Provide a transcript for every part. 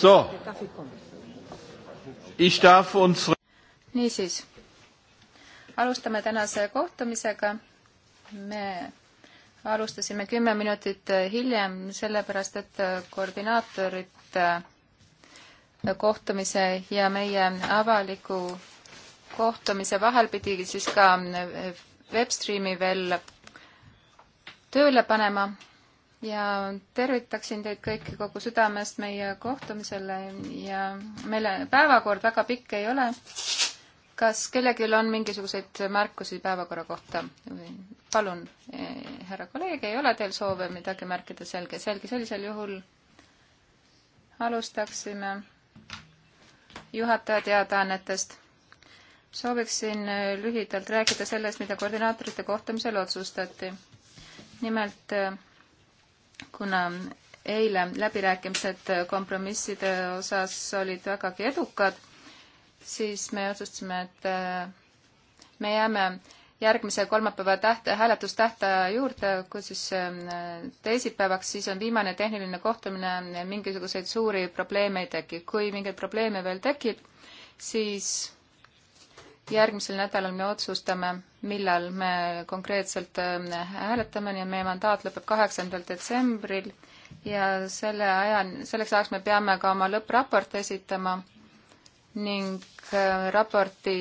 So. Ich darf uns... niisiis, alustame tänase kohtumisega. me alustasime kümme minutit hiljem, sellepärast et koordinaatorite kohtumise ja meie avaliku kohtumise vahel pidi siis ka webstreami veel tööle panema ja tervitaksin teid kõiki kogu südamest meie kohtumisele ja meile päevakord väga pikk ei ole. kas kellelgi on mingisuguseid märkusi päevakorra kohta või palun, e, härra kolleeg, ei ole teil soove midagi märkida, selge, selge, sellisel juhul alustaksime juhataja teadaannetest sooviksin lühidalt rääkida sellest, mida koordinaatorite kohtumisel otsustati. nimelt kuna eile läbirääkimised kompromisside osas olid vägagi edukad, siis me otsustasime, et äh, me jääme järgmise kolmapäeva täht-, hääletustähtaja juurde, kus siis äh, teisipäevaks, siis on viimane tehniline kohtumine, mingisuguseid suuri probleeme ei teki. kui mingeid probleeme veel tekib, siis järgmisel nädalal me otsustame, millal me konkreetselt äh, hääletame, nii et meie mandaat lõpeb kaheksandal detsembril ja selle aja, selleks ajaks me peame ka oma lõppraport esitama ning äh, raporti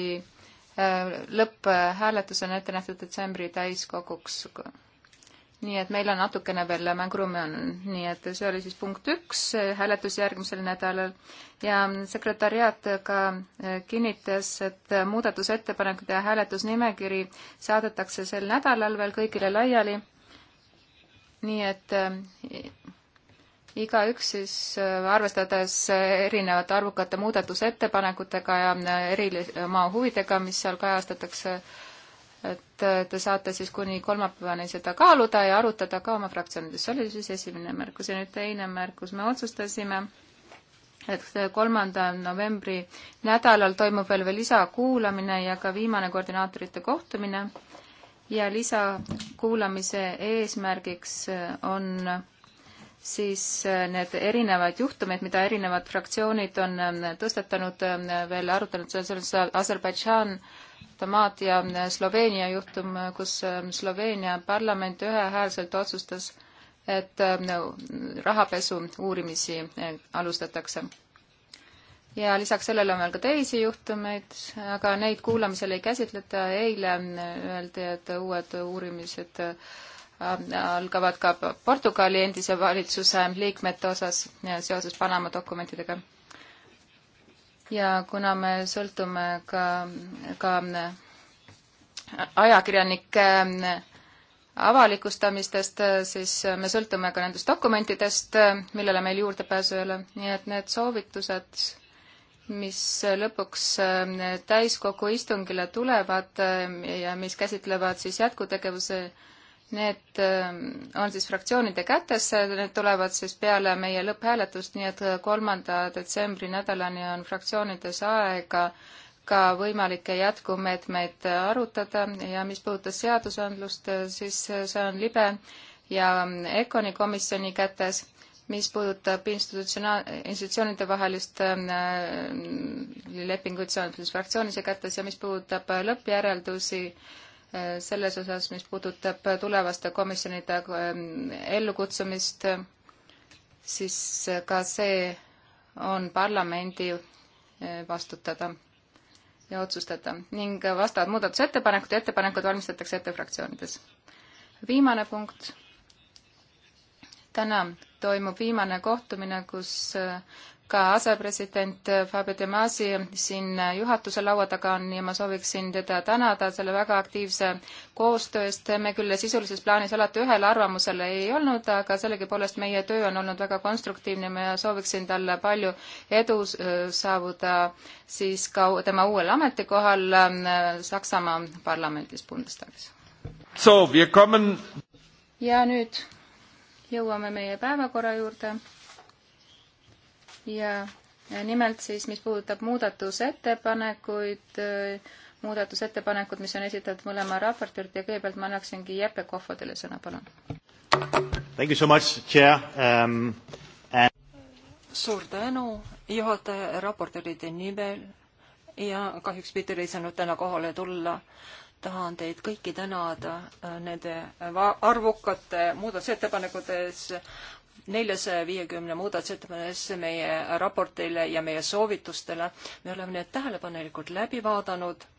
äh, lõpphääletus on ette nähtud detsembri täiskoguks nii et meil on natukene veel mänguruumi on, nii et see oli siis punkt üks, eh, hääletus järgmisel nädalal ja mm, sekretäriaat ka eh, kinnitas, et muudatusettepanekute ja hääletusnimekiri saadetakse sel nädalal veel kõigile laiali. nii et eh, igaüks siis arvestades erinevate arvukate muudatusettepanekutega ja eri oma huvidega, mis seal kajastatakse ka et äh, te saate siis kuni kolmapäevani seda kaaluda ja arutada ka oma fraktsioonides. see oli siis esimene märkus ja nüüd teine märkus. me otsustasime, et kolmanda novembri nädalal toimub veel veel lisakuulamine ja ka viimane koordinaatorite kohtumine ja lisakuulamise eesmärgiks on siis äh, need erinevad juhtumid, mida erinevad fraktsioonid on äh, tõstatanud, veel arutanud, selles Aserbaidžaan, Tomaat ja äh, Sloveenia juhtum, äh, kus äh, Sloveenia parlament ühehäälselt otsustas, et no, rahapesu uurimisi alustatakse. ja lisaks sellele on veel ka teisi juhtumeid, aga neid kuulamisel ei käsitleta. eile öeldi, et uued uurimised algavad ka Portugali endise valitsuse liikmete osas seoses Panama dokumentidega ja kuna me sõltume ka, ka ajakirjanike äh, avalikustamistest, äh, siis äh, me sõltume ka nendest dokumentidest, millele meil juurdepääsu ei ole, nii et need soovitused, mis lõpuks täiskogu istungile tulevad ja mis käsitlevad siis jätkutegevuse Need ähm, on siis fraktsioonide kätes, need tulevad siis peale meie lõpphääletust, nii et äh, kolmanda detsembri nädalani on fraktsioonides aega ka võimalikke jätkumeetmeid äh, arutada ja mis puudutas seadusandlust, äh, siis see on libe ja ähm, ECONi komisjoni kätes, mis puudutab institutsiona-, institutsioonide vahelist ähm, lepinguid, see on siis fraktsioonide kätes ja mis puudutab lõppjäreldusi, selles osas, mis puudutab tulevaste komisjonide ähm, ellukutsumist, siis ka see on parlamendi äh, vastutada ja otsustada ning vastavad muudatusettepanekud ja ettepanekud valmistatakse ette fraktsioonides. viimane punkt. täna toimub viimane kohtumine, kus äh, ka asepresident Fabio De Masi siin juhatuse laua taga on ja ma sooviksin teda tänada selle väga aktiivse koostöö eest. me küll sisulises plaanis alati ühel arvamusel ei olnud, aga sellegipoolest meie töö on olnud väga konstruktiivne. ma sooviksin talle palju edu äh, saavuda siis ka tema uuel ametikohal äh, Saksamaa parlamendis Bundestagis. ja nüüd jõuame meie päevakorra juurde ja nimelt siis, mis puudutab muudatusettepanekuid, äh, muudatusettepanekud, mis on esitatud mõlema raportööri ja kõigepealt ma annaksingi Jeppe Kohvodile sõna, palun. Thank you so much, chair um,. And... suur tänu juhataja raportööride nimel ja kahjuks Peeter ei saanud täna kohale tulla tahan teid kõiki tänada äh, nende arvukate muudatusettepanekutes, neljasaja viiekümne muudatusettepanekusse meie raportile ja meie soovitustele. me oleme need tähelepanelikult läbi vaadanud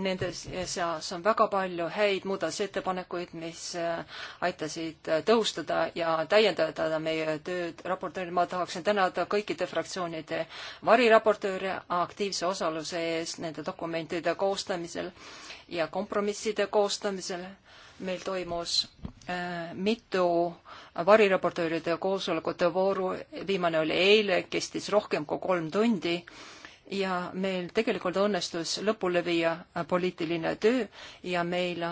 Nende seas on väga palju häid muudatusettepanekuid, mis äh, aitasid äh, tõhustada ja täiendada meie tööd raportööril. ma tahaksin tänada kõikide fraktsioonide variraportööre aktiivse osaluse eest nende dokumentide koostamisel ja kompromisside koostamisel. meil toimus äh, mitu variraportööride koosolekute vooru, viimane oli eile, kestis rohkem kui kolm tundi ja meil tegelikult õnnestus lõpule viia poliitiline töö ja meil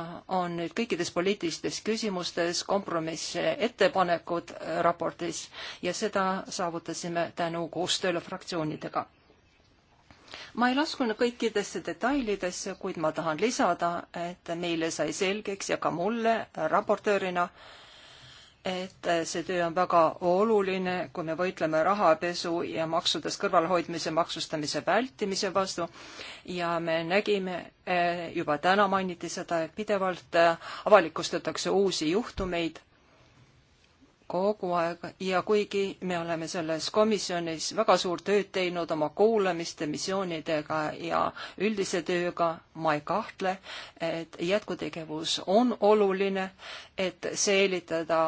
on nüüd kõikides poliitilistes küsimustes kompromissettepanekud raportis ja seda saavutasime tänu koostööle fraktsioonidega. ma ei laskunud kõikidesse detailidesse, kuid ma tahan lisada, et meile sai selgeks ja ka mulle raportöörina äh, et see töö on väga oluline, kui me võitleme rahapesu ja maksudest kõrvalhoidmise, maksustamise vältimise vastu. ja me nägime, eh, juba täna mainiti seda, et pidevalt eh, avalikustatakse uusi juhtumeid kogu aeg ja kuigi me oleme selles komisjonis väga suurt tööd teinud oma kuulamiste, missioonidega ja üldise tööga, ma ei kahtle, et jätkutegevus on oluline et säilitada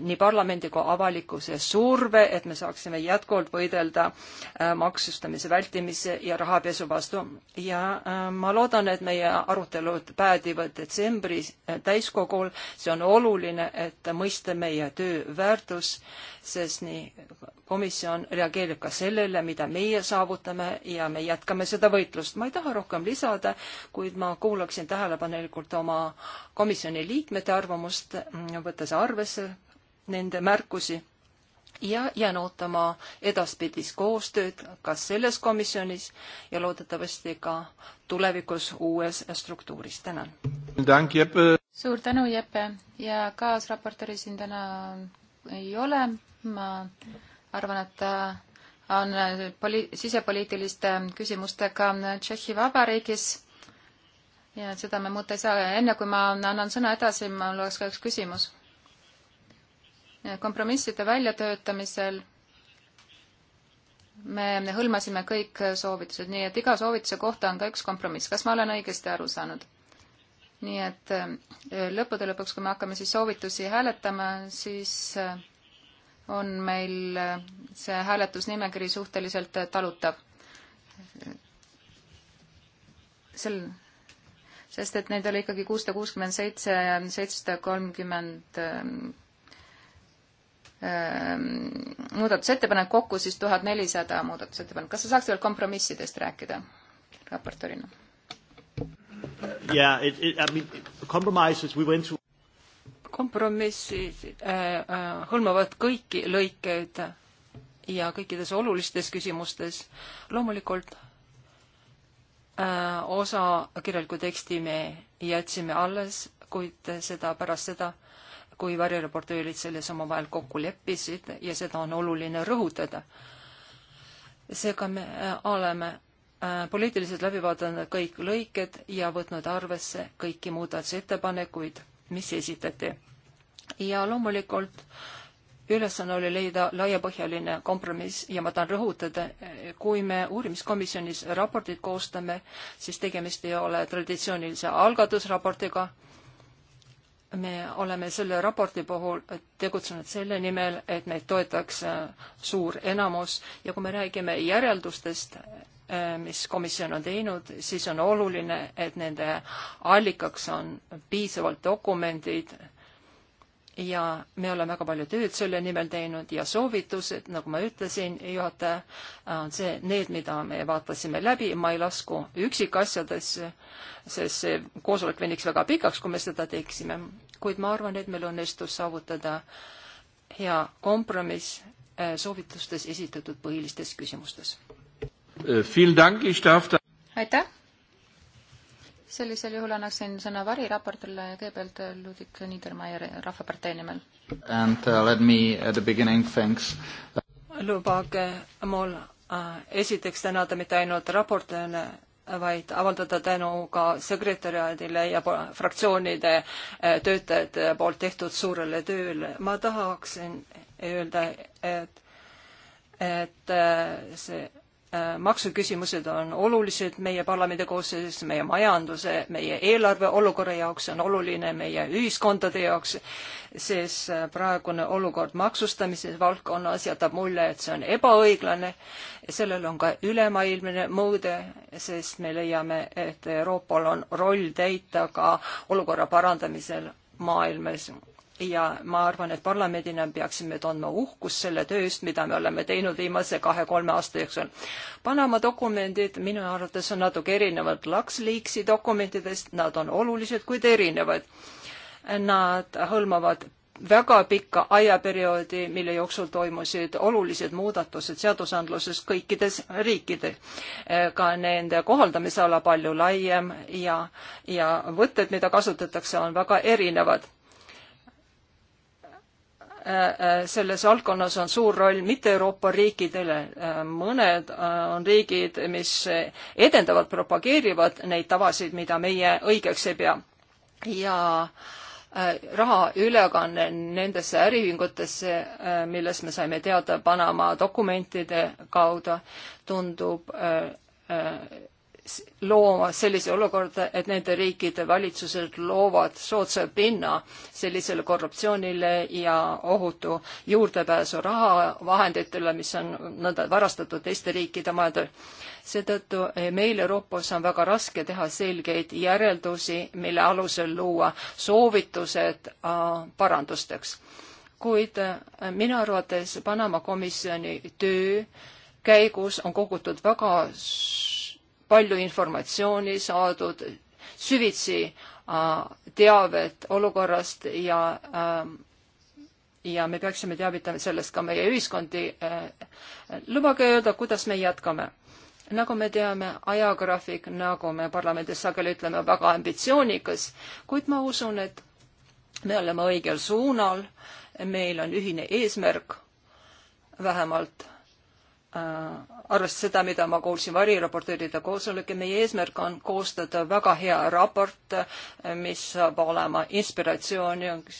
nii parlamendi kui avalikkuse surve, et me saaksime jätkuvalt võidelda äh, maksustamise vältimise ja rahapesu vastu. ja äh, ma loodan, et meie arutelud päädivad detsembris äh, täiskogul. see on oluline, et mõista meie töö väärtus, sest nii komisjon reageerib ka sellele, mida meie saavutame ja me jätkame seda võitlust. ma ei taha rohkem lisada, kuid ma kuulaksin tähelepanelikult oma komisjoni liikmete arvamust arvamust, mm, võttes arvesse nende märkusi ja jään ootama edaspidist koostööd ka selles komisjonis ja loodetavasti ka tulevikus uues struktuuris. tänan. suur tänu, Jeppe ja kaasraportööri siin täna ei ole. ma arvan, et ta on poli-, sisepoliitiliste küsimustega Tšehhi Vabariigis ja seda me muuta ei saa. enne kui ma annan sõna edasi, mul oleks ka üks küsimus. kompromisside väljatöötamisel me hõlmasime kõik soovitused, nii et iga soovituse kohta on ka üks kompromiss. kas ma olen õigesti aru saanud? nii et äh, lõppude lõpuks, kui me hakkame siis soovitusi hääletama, siis äh, on meil äh, see hääletusnimekiri suhteliselt talutav. sel sest et neid oli ikkagi kuussada kuuskümmend seitse ja seitsesada kolmkümmend ähm, muudatusettepanek kokku siis tuhat nelisada muudatusettepanek. kas sa saaksid veel kompromissidest rääkida raportorina? Yeah, it, it, I mean, compromises we went through kompromissid äh, äh, hõlmavad kõiki lõikeid ja kõikides olulistes küsimustes. loomulikult Äh, osa kirjalikku teksti me jätsime alles, kuid seda pärast seda, kui varireportöörid selles omavahel kokku leppisid ja seda on oluline rõhutada. seega me äh, oleme äh, poliitiliselt läbi vaadanud kõik lõiked ja võtnud arvesse kõiki muudatusettepanekuid, mis esitati. ja loomulikult äh, ülesanne oli leida laiapõhjaline kompromiss ja ma tahan rõhutada, kui me uurimiskomisjonis raportit koostame, siis tegemist ei ole traditsioonilise algatusraportiga. me oleme selle raporti puhul tegutsenud selle nimel, et meid toetaks suur enamus ja kui me räägime järeldustest, mis komisjon on teinud, siis on oluline, et nende allikaks on piisavalt dokumendid ja me oleme väga palju tööd selle nimel teinud ja soovitused, nagu ma ütlesin, juhataja, on see, need, mida me vaatasime läbi, ma ei lasku üksikasjadesse, sest see koosolek veniks väga pikaks, kui me seda teeksime, kuid ma arvan, et meil õnnestus saavutada hea kompromiss eh, soovitustes esitatud põhilistes küsimustes. Äh, aitäh sellisel juhul annaksin sõna variraportile kõigepealt Ludik Niedermayer Rahvapartei nimel. And uh, let me at the beginning thanks lubage mul äh, esiteks tänada mitte ainult raportööle, vaid avaldada tänu ka sekretäriaadile ja fraktsioonide äh, töötajate poolt tehtud suurele tööle. ma tahaksin öelda, et, et äh, see Äh, maksuküsimused on olulised meie parlamendi koosseisus, meie majanduse, meie eelarve olukorra jaoks, see on oluline meie ühiskondade jaoks, sest äh, praegune olukord maksustamise valdkonnas jätab mulje, et see on ebaõiglane. sellel on ka ülemaailmne mõõde, sest me leiame, et Euroopal on roll täita ka olukorra parandamisel maailmas ja ma arvan, et parlamendina peaksime tundma uhkust selle tööst, mida me oleme teinud viimase kahe-kolme aasta jooksul. Panama dokumendid minu arvates on natuke erinevad LuxLeaksi dokumentidest, nad on olulised, kuid erinevad. Nad hõlmavad väga pika ajaperioodi, mille jooksul toimusid olulised muudatused seadusandluses kõikides riikides. ka nende kohaldamise ala palju laiem ja, ja võtted, mida kasutatakse, on väga erinevad Äh, äh, selles valdkonnas on suur roll mitte Euroopa riikidele, äh, mõned on riigid, mis edendavad, propageerivad neid tavasid, mida meie õigeks ei pea. ja raha ülekanne nendesse äriühingutesse, millest me saime teada Panama dokumentide kaudu, tundub looma sellise olukorda, et nende riikide valitsused loovad soodsa pinna sellisele korruptsioonile ja ohutu juurdepääsu rahavahenditele, mis on nõnda varastatud teiste riikide maadel. seetõttu eh, meil Euroopas on väga raske teha selgeid järeldusi, mille alusel luua soovitused ah, parandusteks. kuid eh, minu arvates Panama komisjoni töö käigus on kogutud väga palju informatsiooni saadud, süvitsi äh, teavet olukorrast ja, äh, ja me peaksime teavitama sellest ka meie ühiskondi. Äh, lubage öelda, kuidas me jätkame. nagu me teame, ajagraafik, nagu me parlamendis sageli ütleme, väga ambitsioonikas, kuid ma usun, et me oleme õigel suunal, meil on ühine eesmärk, vähemalt Äh, arvestades seda, mida ma kuulsin variraportööride koosolek ja meie eesmärk on koostada väga hea raport, äh, mis saab olema inspiratsiooniks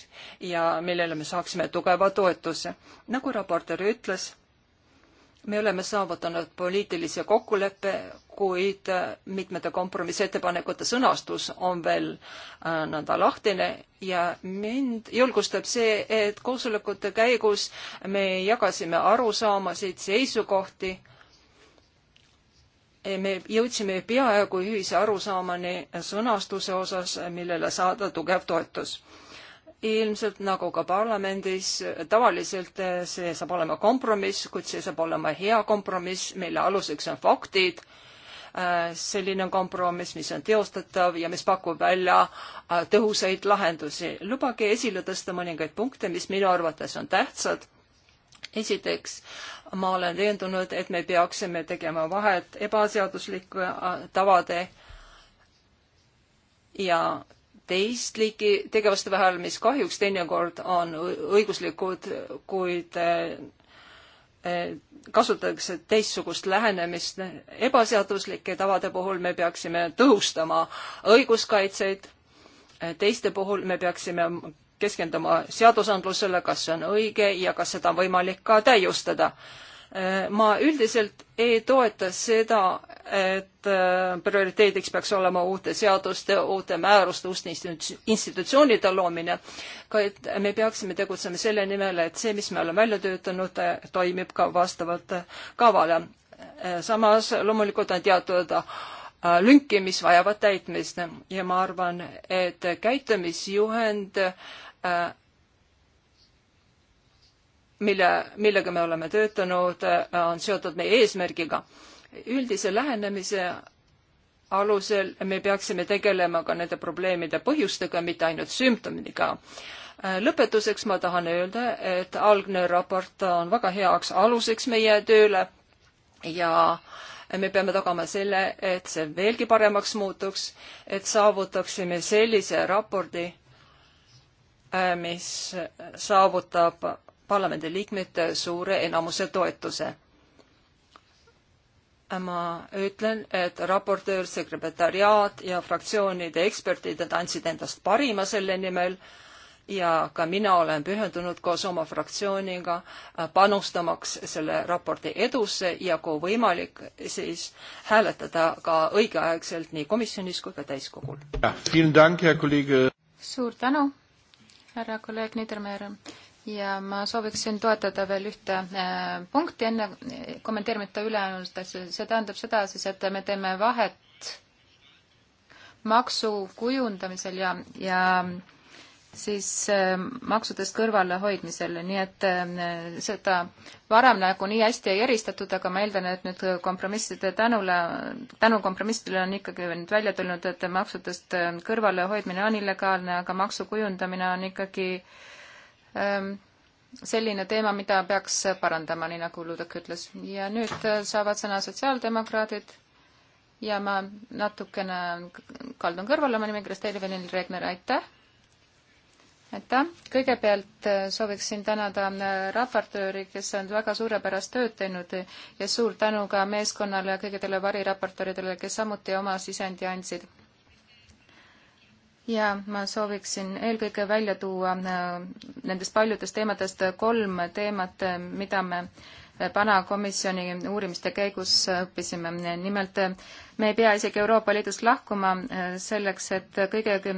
ja millele me saaksime tugeva toetuse. nagu raportöör ütles, me oleme saavutanud poliitilise kokkuleppe, kuid äh, mitmete kompromissettepanekute sõnastus on veel äh, nõnda lahtine ja mind julgustab see, et koosolekute käigus me jagasime arusaamasid, seisukohti. me jõudsime peaaegu ühise arusaamani sõnastuse osas, millele saada tugev toetus ilmselt nagu ka parlamendis, tavaliselt eh, see saab olema kompromiss, kuid see saab olema hea kompromiss, mille aluseks on faktid. Eh, selline kompromiss, mis on teostatav ja mis pakub välja eh, tõhusaid lahendusi. lubage esile tõsta mõningaid punkte, mis minu arvates on tähtsad. esiteks, ma olen veendunud, et me peaksime tegema vahet ebaseaduslike tavade ja teist liiki tegevuste vahel, mis kahjuks teinekord on õiguslikud, kuid eh, eh, kasutatakse teistsugust lähenemist. ebaseaduslike tavade puhul me peaksime tõhustama õiguskaitseid, eh, teiste puhul me peaksime keskenduma seadusandlusele, kas see on õige ja kas seda on võimalik ka täiustada. ma üldiselt ei toeta seda, et äh, prioriteediks peaks olema uute seaduste, uute määruste, uste institutsioonide loomine, vaid me peaksime tegutsema selle nimel, et see, mis me oleme välja töötanud, äh, toimib ka vastavalt äh, kavale. samas loomulikult on teatud lünki, mis vajavad täitmist ja ma arvan, et käitumisjuhend mille, millega me oleme töötanud, on seotud meie eesmärgiga üldise lähenemise alusel me peaksime tegelema ka nende probleemide põhjustega, mitte ainult sümptomiga. Äh, lõpetuseks ma tahan öelda, et algne raport on väga heaks aluseks meie tööle ja me peame tagama selle, et see veelgi paremaks muutuks, et saavutaksime sellise rapordi, äh, mis saavutab parlamendiliikmete suure enamuse toetuse ma ütlen, et raportöör, sekretäriaat ja fraktsioonide eksperdid andsid endast parima selle nimel ja ka mina olen pühendunud koos oma fraktsiooniga äh, panustamaks selle raporti edusse ja kui võimalik, siis hääletada ka õigeaegselt nii komisjonis kui ka täiskogul. suur tänu, härra kolleeg Niedermäe ja ma sooviksin toetada veel ühte äh, punkti enne äh, kommenteerimata ülejäänud asju. see tähendab seda siis, et me teeme vahet maksu kujundamisel ja, ja siis äh, maksudest kõrvalehoidmisel, nii et seda varem nagunii hästi ei eristatud, aga ma eeldan, et nüüd kompromisside tänule, tänu kompromissidele on ikkagi nüüd välja tulnud, et maksudest kõrvalehoidmine on illegaalne, aga maksu kujundamine on ikkagi äh, Ehm, selline teema, mida peaks parandama, nii nagu Ludak ütles. ja nüüd äh, saavad sõna sotsiaaldemokraadid ja ma natukene kaldun kõrvale oma nimekirjast, Elvinil Regner, aitäh! aitäh! kõigepealt äh, sooviksin tänada äh, raportööri, kes on väga suurepärast tööd teinud ja suur tänu ka meeskonnale ja kõigidele variraportööridele, kes samuti oma sisendi andsid ja ma sooviksin eelkõige välja tuua äh, nendest paljudest teemadest kolm teemat, äh, mida me äh, pana komisjoni uurimiste käigus õppisime. nimelt me ei pea isegi Euroopa Liidust lahkuma selleks, et kõige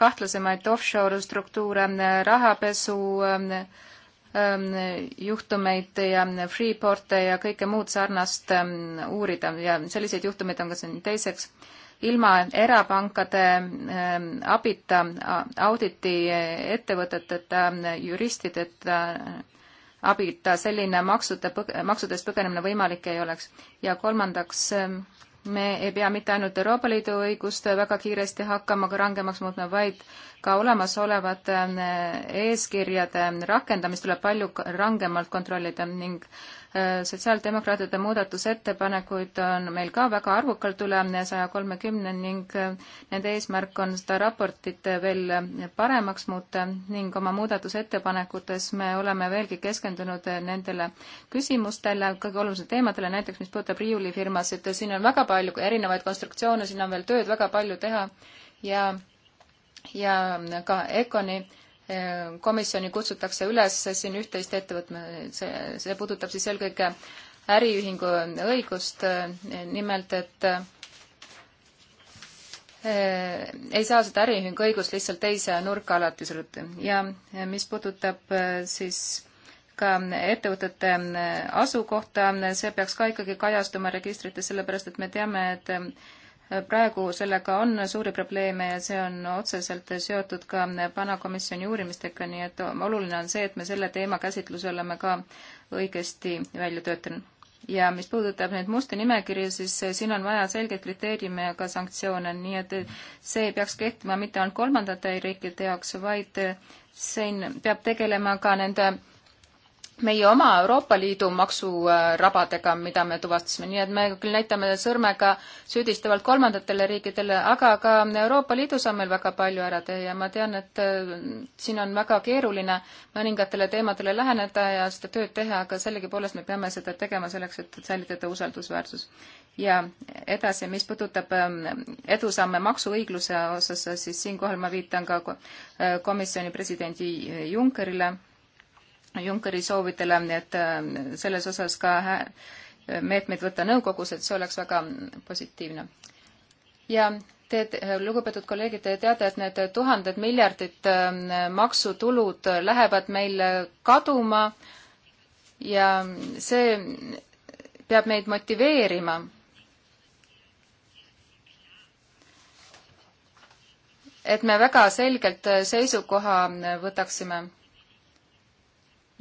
kahtlasemaid offshore struktuure, rahapesu ähm, ähm, juhtumeid ja Freeporte ja kõike muud sarnast ähm, uurida ja selliseid juhtumeid on ka siin teiseks ilma erapankade ähm, abita, auditi äh, ettevõteteta, äh, juristideta, äh, abita selline maksude, maksudest põgenemine võimalik ei oleks. ja kolmandaks, ähm, me ei pea mitte ainult Euroopa Liidu õigust väga kiiresti hakkama ka rangemaks muutma, vaid ka olemasolevate eeskirjade rakendamist tuleb palju rangemalt kontrollida ning äh, sotsiaaldemokraatide muudatusettepanekuid on meil ka väga arvukalt üle saja kolmekümne ning äh, nende eesmärk on seda raportit veel paremaks muuta ning oma muudatusettepanekutes me oleme veelgi keskendunud nendele küsimustele, kõige olulisematele teemadele, näiteks mis puudutab riiulifirmasid, siin on väga palju erinevaid konstruktsioone, siin on veel tööd väga palju teha ja ja ka Econi Ehm, komisjoni kutsutakse üles siin üht-teist ette võtma, see, see puudutab siis eelkõige äriühingu õigust, eh, nimelt et eh, ei saa seda äriühingu õigust lihtsalt teise nurka alati suruda ja eh, mis puudutab siis ka ettevõtete asukohta, see peaks ka ikkagi kajastuma registrites, sellepärast et me teame, et praegu sellega on suuri probleeme ja see on otseselt seotud ka Pana komisjoni uurimistega, nii et oluline on see, et me selle teema käsitluse oleme ka õigesti välja töötanud. ja mis puudutab neid musti nimekirju, siis siin on vaja selgeid kriteeriume ja ka sanktsioone, nii et see ei peaks kehtima mitte ainult kolmandate riikide jaoks, vaid siin peab tegelema ka nende meie oma Euroopa Liidu maksurabadega, mida me tuvastasime, nii et me küll näitame sõrmega süüdistavalt kolmandatele riikidele, aga ka Euroopa Liidus on meil väga palju ära teha ja ma tean, et äh, siin on väga keeruline mõningatele teemadele läheneda ja seda tööd teha, aga sellegipoolest me peame seda tegema selleks, et säilitada usaldusväärsus. ja edasi, mis puudutab äh, edusamme maksuõigluse osas, siis siinkohal ma viitan ka äh, komisjoni presidendi Junckerile Junckeri soovidele, nii et äh, selles osas ka meetmeid võtta nõukogus, et see oleks väga positiivne. ja te, lugupeetud kolleegid, te teate, et need tuhanded miljardid äh, maksutulud lähevad meil kaduma ja see peab meid motiveerima et me väga selgelt seisukoha võtaksime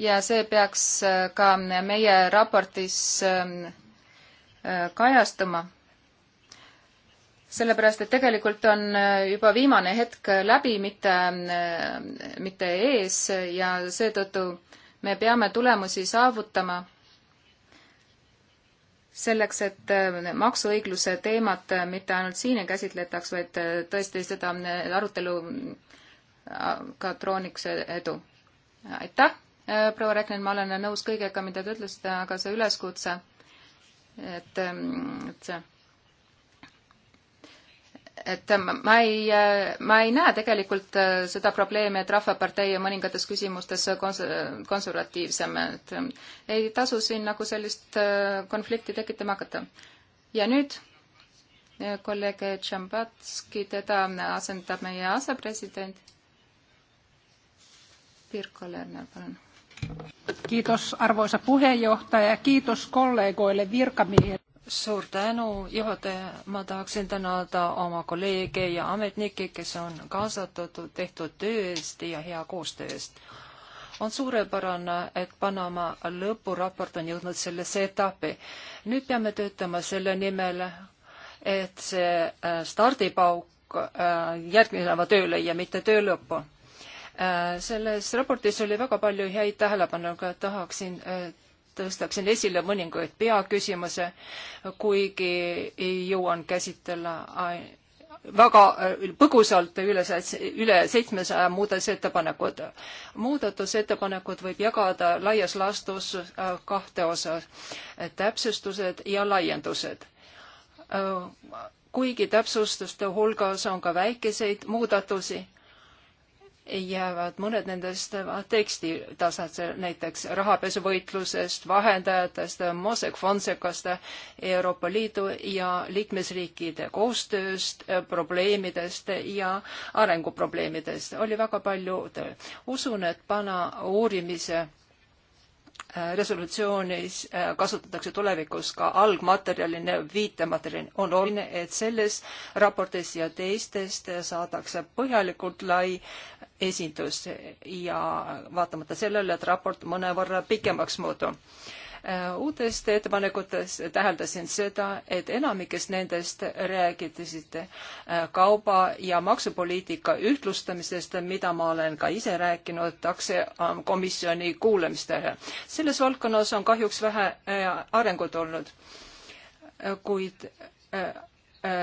ja see peaks äh, ka meie raportis ähm, äh, kajastuma. sellepärast, et tegelikult on äh, juba viimane hetk läbi, mitte, mitte ees ja seetõttu me peame tulemusi saavutama selleks, et maksuõigluse teemat mitte ainult siin ei käsitletaks, vaid tõesti seda arutelu ka trooniks edu. aitäh! Äh, proua Räknen, ma olen nõus kõigega, mida te ütlesite, aga see üleskutse, et, ähm, et see et ma ei, äh, ma ei näe tegelikult äh, seda probleemi, et Rahvapartei on mõningates küsimustes kons-, konservatiivsem, et ähm, ei tasu siin nagu sellist konflikti tekitama hakata. ja nüüd kolleeg Tšambatski, teda asendab meie asepresident. Pirko Lerner, palun Kiitos arvoisa puheenjohtaja, kiitos kollegoille virkamiehille. Suur tänu, juhataja. Ma tahaksin tänada oma kolleege ja ametnikke, kes on kaasatud tehtud töö eest ja hea koostöö eest. On suurepärane, et Panama lõpuraport on jõudnud sellesse etappi. Nüüd peame töötama selle nimel, et see äh, stardipauk äh, järgmisena tööle ja mitte töö lõppu Äh, selles raportis oli väga palju häid tähelepanu, aga tahaksin, äh, tõstaksin esile mõningaid peaküsimuse, kuigi jõuan käsitleda väga äh, põgusalt üle, üle seitsmesaja muudatusettepanekut. muudatusettepanekud võib jagada laias laastus kahte osa, täpsustused ja laiendused kuigi täpsustuste hulgas on ka väikeseid muudatusi jäävad mõned nendest teksti tasandil, näiteks rahapesuvõitlusest, vahendajatest, Mosek Fonsecast, Euroopa Liidu ja liikmesriikide koostööst, probleemidest ja arenguprobleemidest. oli väga palju, usun, et pana uurimise Äh, resolutsioonis äh, kasutatakse tulevikus ka algmaterjalina, viitematerjalina, on oluline, et selles raportis ja teistest saadakse põhjalikult lai esindus ja vaatamata sellele, et raport mõnevõrra pikemaks muutub Äh, uutest ettepanekutest täheldasin seda, et enamikest nendest räägitasid äh, kauba- ja maksupoliitika ühtlustamisest, mida ma olen ka ise rääkinud taksokomisjoni äh, kuulamistel. selles valdkonnas on kahjuks vähe arengut olnud, kuid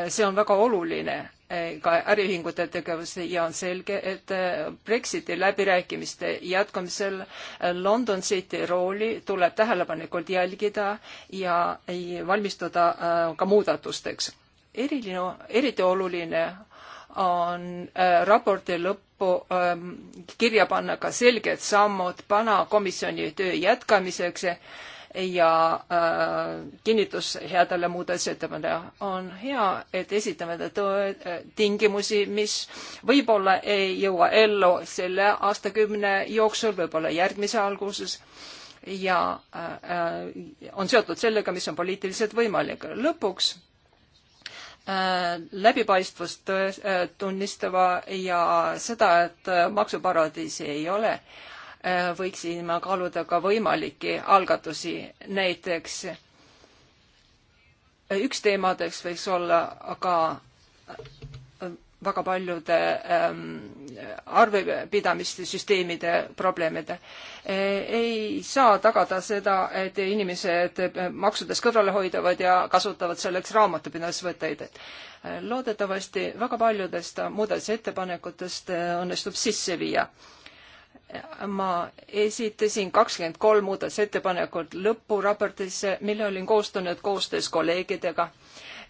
see on väga oluline Eh, ka äriühingute tegevus ja on selge, et eh, Brexiti läbirääkimiste jätkamisel eh, London City rooli tuleb tähelepanelikult jälgida ja valmistuda ka muudatusteks. eriline, eriti oluline on raporti lõppu ehm, kirja panna ka selged sammud pana komisjoni töö jätkamiseks ja äh, kinnitus headele muudatusettepanekule. on hea, et esitame äh, tingimusi, mis võib-olla ei jõua ellu selle aastakümne jooksul, võib-olla järgmise alguses ja äh, on seotud sellega, mis on poliitiliselt võimalik. lõpuks läbipaistvust tunnistava ja seda, et maksuparadiisi ei ole Äh, võiksime kaaluda ka võimalikke algatusi, näiteks äh, üks teemadeks võiks olla ka äh, väga paljude ähm, arvepidamiste süsteemide probleemide. ei saa tagada seda, et inimesed maksudest kõrvale hoiduvad ja kasutavad selleks raamatupidamisvõtteid. loodetavasti väga paljudest muudatusettepanekutest õnnestub sisse viia ma esitasin kakskümmend kolm muudatusettepanekut lõpuraportisse, mille olin koostanud koostöös kolleegidega.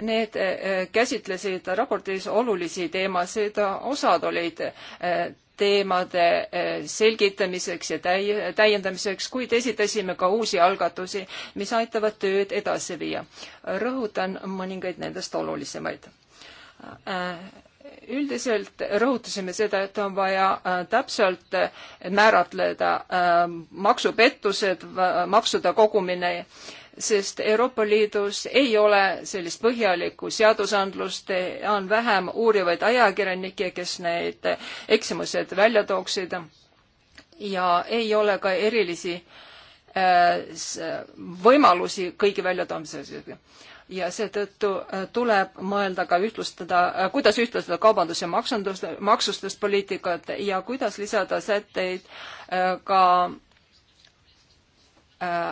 Need äh, käsitlesid raportis olulisi teemasid, osad olid äh, teemade äh, selgitamiseks ja täi-, täiendamiseks, kuid esitasime ka uusi algatusi, mis aitavad tööd edasi viia. rõhutan mõningaid nendest olulisemaid üldiselt rõhutasime seda, et on vaja äh, täpselt äh, määratleda äh, maksupettused, maksude kogumine, sest Euroopa Liidus ei ole sellist põhjalikku seadusandlust, on vähem uurivaid ajakirjanikke, kes need eksimused välja tooksid ja ei ole ka erilisi võimalusi kõigi väljatoomiseks ja seetõttu äh, tuleb mõelda ka ühtlustada, äh, kuidas ühtlustada kaubandus- ja maksundus, maksustuspoliitikat ja kuidas lisada sätteid äh, ka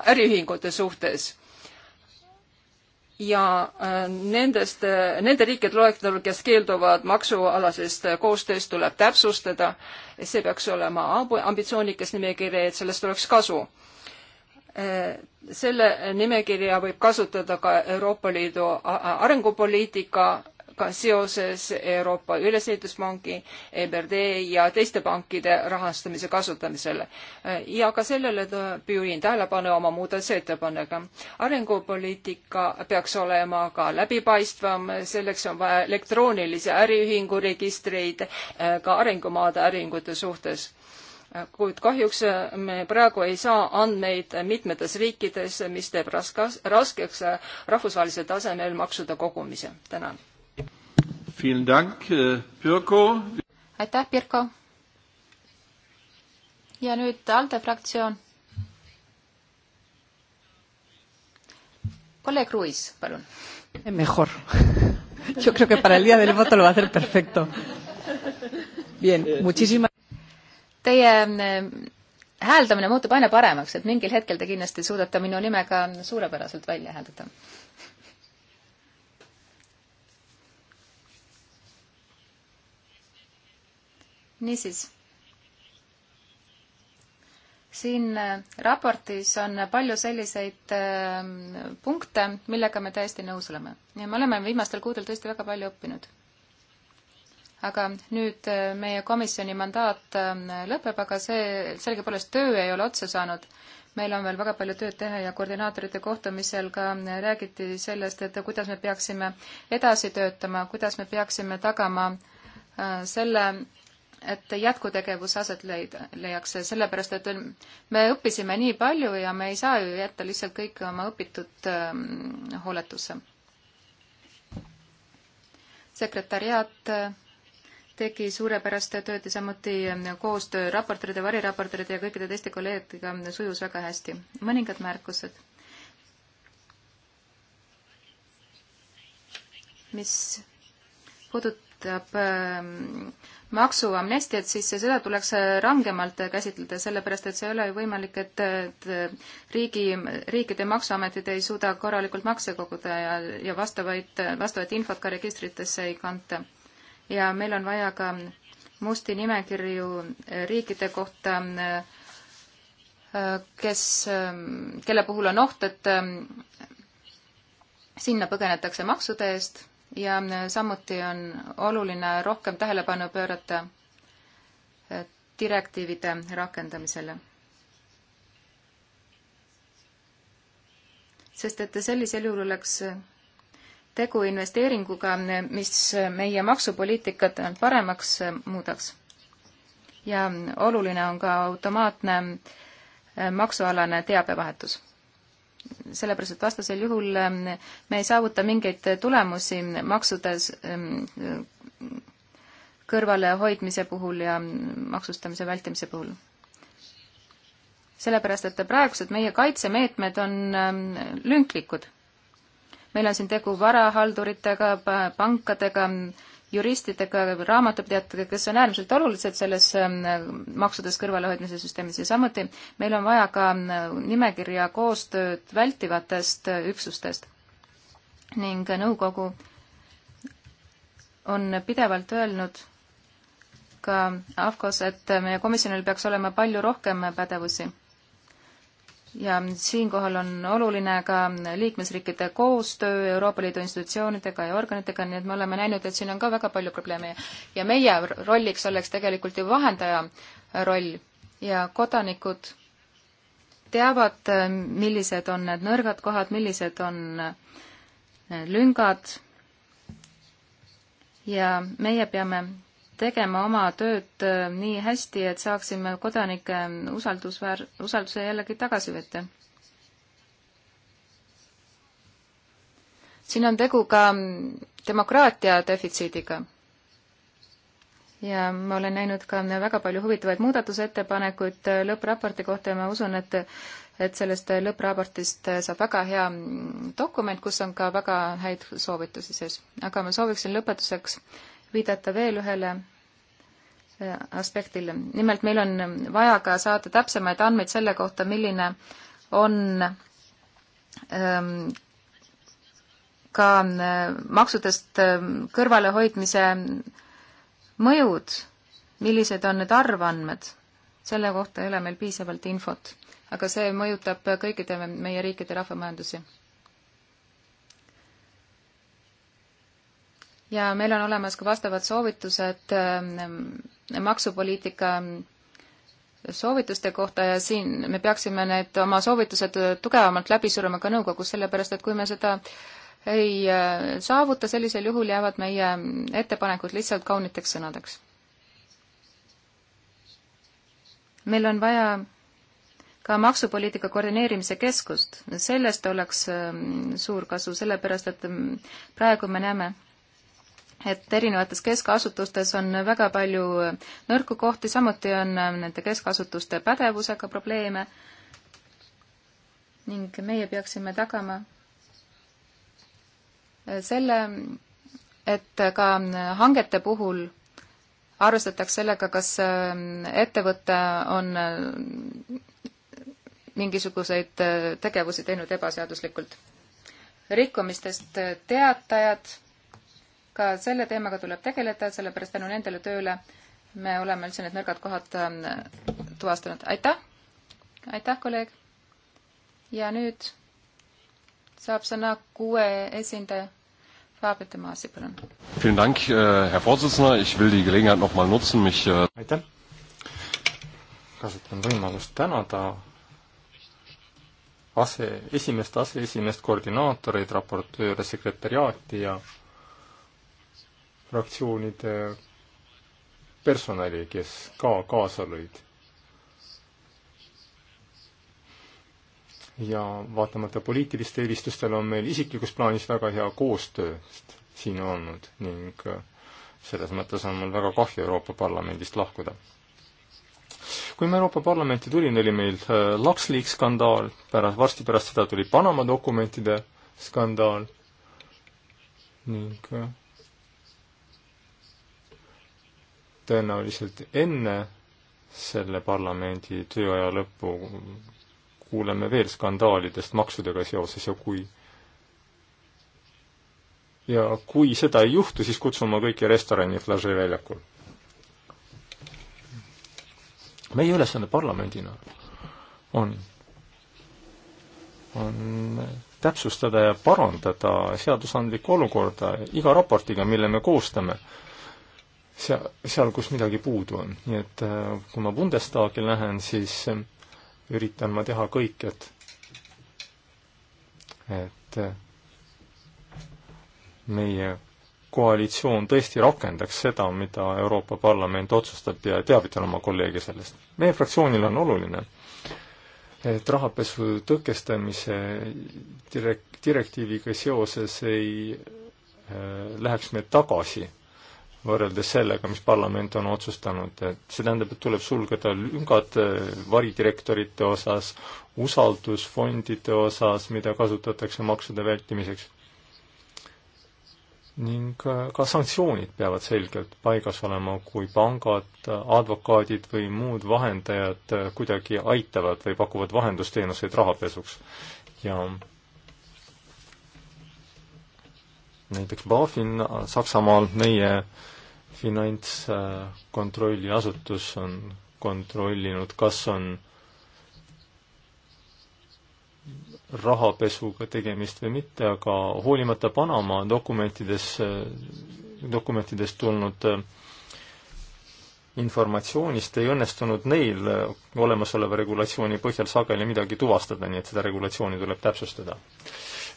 äriühingute suhtes ja nendest, nende riikide loetelu, kes keelduvad maksualasest koostööst, tuleb täpsustada. see peaks olema ambitsioonikas nimekiri, et sellest oleks kasu selle nimekirja võib kasutada ka Euroopa Liidu arengupoliitikaga seoses Euroopa Ülesehituspangi, EBRD ja teiste pankide rahastamise kasutamisel. ja ka sellele püüan tähelepanu oma muudatusettepanega. arengupoliitika peaks olema ka läbipaistvam, selleks on vaja elektroonilisi äriühingu registreid ka arengumaade äriühingute suhtes kuid kahjuks äh, me praegu ei saa andmeid mitmetes riikides, mis teeb raskas, raskeks äh, rahvusvahelisel tasemel maksude kogumise. tänan. Äh, aitäh, Pirko. ja nüüd ALDE fraktsioon. kolleeg Ruiz, palun. Mejor. Yo creo que para el día del voto lo va a hacer perfecto. Bien, muchísimas teie eh, hääldamine muutub aina paremaks, et mingil hetkel te kindlasti suudate minu nime ka suurepäraselt välja hääldada. niisiis. siin eh, raportis on palju selliseid eh, punkte, millega me täiesti nõus oleme ja me oleme viimastel kuudel tõesti väga palju õppinud aga nüüd äh, meie komisjoni mandaat ähm, lõpeb, aga see, sellegipoolest töö ei ole otsa saanud. meil on veel väga palju tööd teha ja koordinaatorite kohtumisel ka äh, räägiti sellest, et kuidas me peaksime edasi töötama, kuidas me peaksime tagama äh, selle, et jätkutegevus aset leid-, leiaks, sellepärast et me õppisime nii palju ja me ei saa ju jätta lihtsalt kõike oma õpitut ähm, hooletusse. sekretäriaat tegi suurepärast tööd ja samuti ähm, koostöö raportööride, variraportööride ja kõikide teiste kolleegidega ähm, sujus väga hästi. mõningad märkused. mis puudutab ähm, maksuamnestiat, siis seda tuleks äh, rangemalt käsitleda, sellepärast et see ei ole ju võimalik, et, et riigi, riikide maksuametid ei suuda korralikult makse koguda ja, ja vastavaid, vastavat infot ka registritesse ei kanta ja meil on vaja ka musti nimekirju äh, riikide kohta, äh, kes, ähm, kelle puhul on oht, et ähm, sinna põgenetakse maksude eest ja äh, samuti on oluline rohkem tähelepanu pöörata direktiivide rakendamisele. sest et sellisel juhul oleks tegu investeeringuga, mis meie maksupoliitikat paremaks muudaks. ja oluline on ka automaatne äh, maksualane teabevahetus. sellepärast, et vastasel juhul äh, me ei saavuta mingeid tulemusi maksudes ähm, kõrvalehoidmise puhul ja maksustamise vältimise puhul. sellepärast, et praegused meie kaitsemeetmed on ähm, lünklikud meil on siin tegu varahalduritega, pankadega, juristidega, raamatupidajatega, kes on äärmiselt olulised selles ähm, maksudest kõrvalehoidmise süsteemis ja samuti meil on vaja ka ähm, nimekirja koostööd vältivatest äh, üksustest. ning äh, nõukogu on pidevalt öelnud ka AFCOs, et äh, meie komisjonil peaks olema palju rohkem pädevusi ja siinkohal on oluline ka liikmesriikide koostöö Euroopa Liidu institutsioonidega ja organitega, nii et me oleme näinud, et siin on ka väga palju probleeme ja meie rolliks oleks tegelikult ju vahendaja roll ja kodanikud teavad, millised on need nõrgad kohad, millised on lüngad ja meie peame tegema oma tööd äh, nii hästi, et saaksime kodanike usaldusväär, usalduse jällegi tagasi võtta. siin on tegu ka demokraatia defitsiidiga. ja ma olen näinud ka väga palju huvitavaid muudatusettepanekuid äh, lõppraporti kohta ja ma usun, et et sellest äh, lõppraportist saab väga hea mm, dokument, kus on ka väga häid soovitusi sees. aga ma sooviksin lõpetuseks viidata veel ühele äh, aspektile. nimelt meil on vaja ka saada täpsemaid andmeid selle kohta, milline on ähm, ka äh, maksudest äh, kõrvalehoidmise mõjud, millised on need arvandmed, selle kohta ei ole meil piisavalt infot, aga see mõjutab kõikide meie riikide rahvamajandusi ja meil on olemas ka vastavad soovitused ähm, ähm, maksupoliitika soovituste kohta ja siin me peaksime need oma soovitused tugevamalt läbi suruma ka nõukogus, sellepärast et kui me seda ei äh, saavuta, sellisel juhul jäävad meie ettepanekud lihtsalt kauniteks sõnadeks. meil on vaja ka maksupoliitika koordineerimise keskust, sellest oleks ähm, suur kasu, sellepärast et praegu me näeme, et erinevates keskasutustes on väga palju nõrku kohti, samuti on nende keskasutuste pädevusega probleeme ning meie peaksime tagama selle, et ka hangete puhul arvestatakse sellega, kas ettevõte on mingisuguseid tegevusi teinud ebaseaduslikult. rikkumistest teatajad ka selle teemaga tuleb tegeleda, sellepärast tänu nendele tööle me oleme üldse need nõrgad kohad ähm, tuvastanud. aitäh! aitäh, kolleeg! ja nüüd saab sõna kuue esindaja Fabio De Masi, palun. Vielen Dank, äh, Herr Vorsitzender, ich will die Gelegenheit noch mal nutzen, mich äh, aitäh! kasutan võimalust tänada ase, esimest aseesimeest, koordinaatoreid, raportööre, sekretäriaati ja fraktsioonide personali, kes ka kaasa lõid. ja vaatamata poliitiliste eelistustele on meil isiklikus plaanis väga hea koostöö siin olnud ning selles mõttes on mul väga kahju Euroopa Parlamendist lahkuda. kui ma Euroopa Parlamenti tulin, oli meil äh, LuxLeaks skandaal, pärast, varsti pärast seda tuli Panama dokumentide skandaal ning äh, tõenäoliselt enne selle parlamendi tööaja lõppu kuuleme veel skandaalidest maksudega seoses ja kui ja kui seda ei juhtu, siis kutsun ma kõiki restorani Flagey väljakul. meie ülesanne parlamendina on, on täpsustada ja parandada seadusandlikku olukorda iga raportiga, mille me koostame seal, seal, kus midagi puudu on. nii et äh, kui ma Bundestagi lähen, siis äh, üritan ma teha kõik, et et äh, meie koalitsioon tõesti rakendaks seda, mida Euroopa Parlament otsustab ja teavitan oma kolleege sellest. meie fraktsioonil on oluline, et rahapesu tõkestamise direk-, direktiiviga seoses ei äh, läheks me tagasi võrreldes sellega, mis parlament on otsustanud, et see tähendab, et tuleb sulgeda lüngad eh, varidirektorite osas, usaldusfondide osas, mida kasutatakse maksude vältimiseks. ning eh, ka sanktsioonid peavad selgelt paigas olema, kui pangad, advokaadid või muud vahendajad eh, kuidagi aitavad või pakuvad vahendusteenuseid rahapesuks. ja näiteks BaFin Saksamaal, meie finantskontrolli asutus on kontrollinud, kas on rahapesuga tegemist või mitte, aga hoolimata Panama dokumentides, dokumentidest tulnud informatsioonist ei õnnestunud neil olemasoleva regulatsiooni põhjal sageli midagi tuvastada, nii et seda regulatsiooni tuleb täpsustada.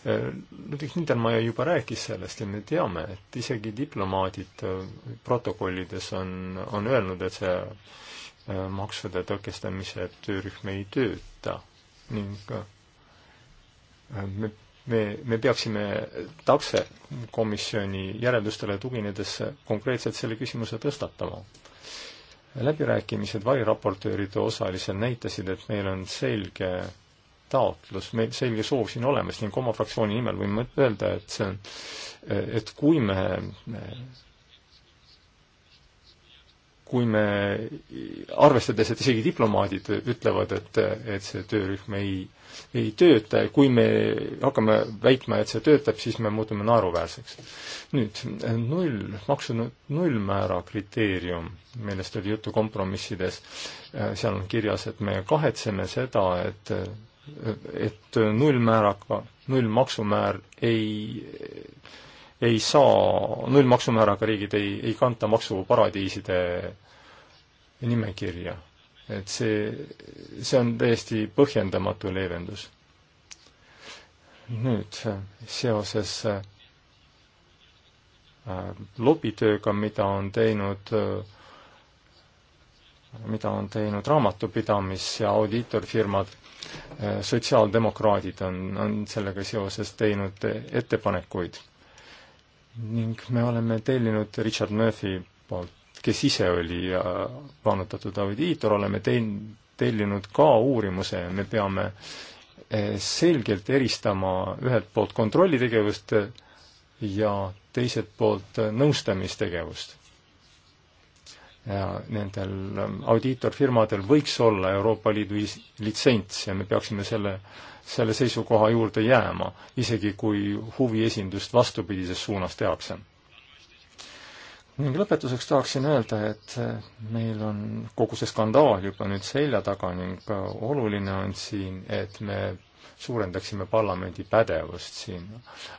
Äh, Ludvig Niedermayer juba rääkis sellest ja me teame, et isegi diplomaadid äh, protokollides on, on öelnud, et see äh, maksude tõkestamise töörühm ei tööta ning me, me, me peaksime takse komisjoni järeldustele tuginedes konkreetselt selle küsimuse tõstatama läbirääkimised variraportööride osalisel näitasid, et meil on selge taotlus, meil selge soov siin olemas ning oma fraktsiooni nimel võin öelda, et see on, et kui me, me kui me, arvestades, et isegi diplomaadid ütlevad, et, et see töörühm ei, ei tööta ja kui me hakkame väitma, et see töötab, siis me muutume naeruväärseks. nüüd null, maksu nullmäära kriteerium, millest oli juttu kompromissides, seal on kirjas, et me kahetseme seda, et et nullmääraga, nullmaksumäär ei, ei saa, nullmaksumääraga riigid ei, ei kanta maksuparadiiside nimekirja. et see, see on täiesti põhjendamatu leevendus. nüüd seoses äh, lobitööga, mida on teinud äh, mida on teinud raamatupidamis- ja audiitorfirmad, äh, sotsiaaldemokraadid on, on sellega seoses teinud ettepanekuid. ning me oleme tellinud Richard Murphy poolt, kes ise oli äh, vannutatud audiitor, oleme tein-, tellinud ka uurimuse ja me peame äh, selgelt eristama ühelt poolt kontrollitegevust ja teiselt poolt nõustamistegevust ja nendel ähm, audiitorfirmadel võiks olla Euroopa Liidu litsents ja me peaksime selle, selle seisukoha juurde jääma, isegi kui huviesindust vastupidises suunas tehakse. ning lõpetuseks tahaksin öelda, et äh, meil on kogu see skandaal juba nüüd selja taga ning äh, oluline on siin, et me suurendaksime parlamendi pädevust siin.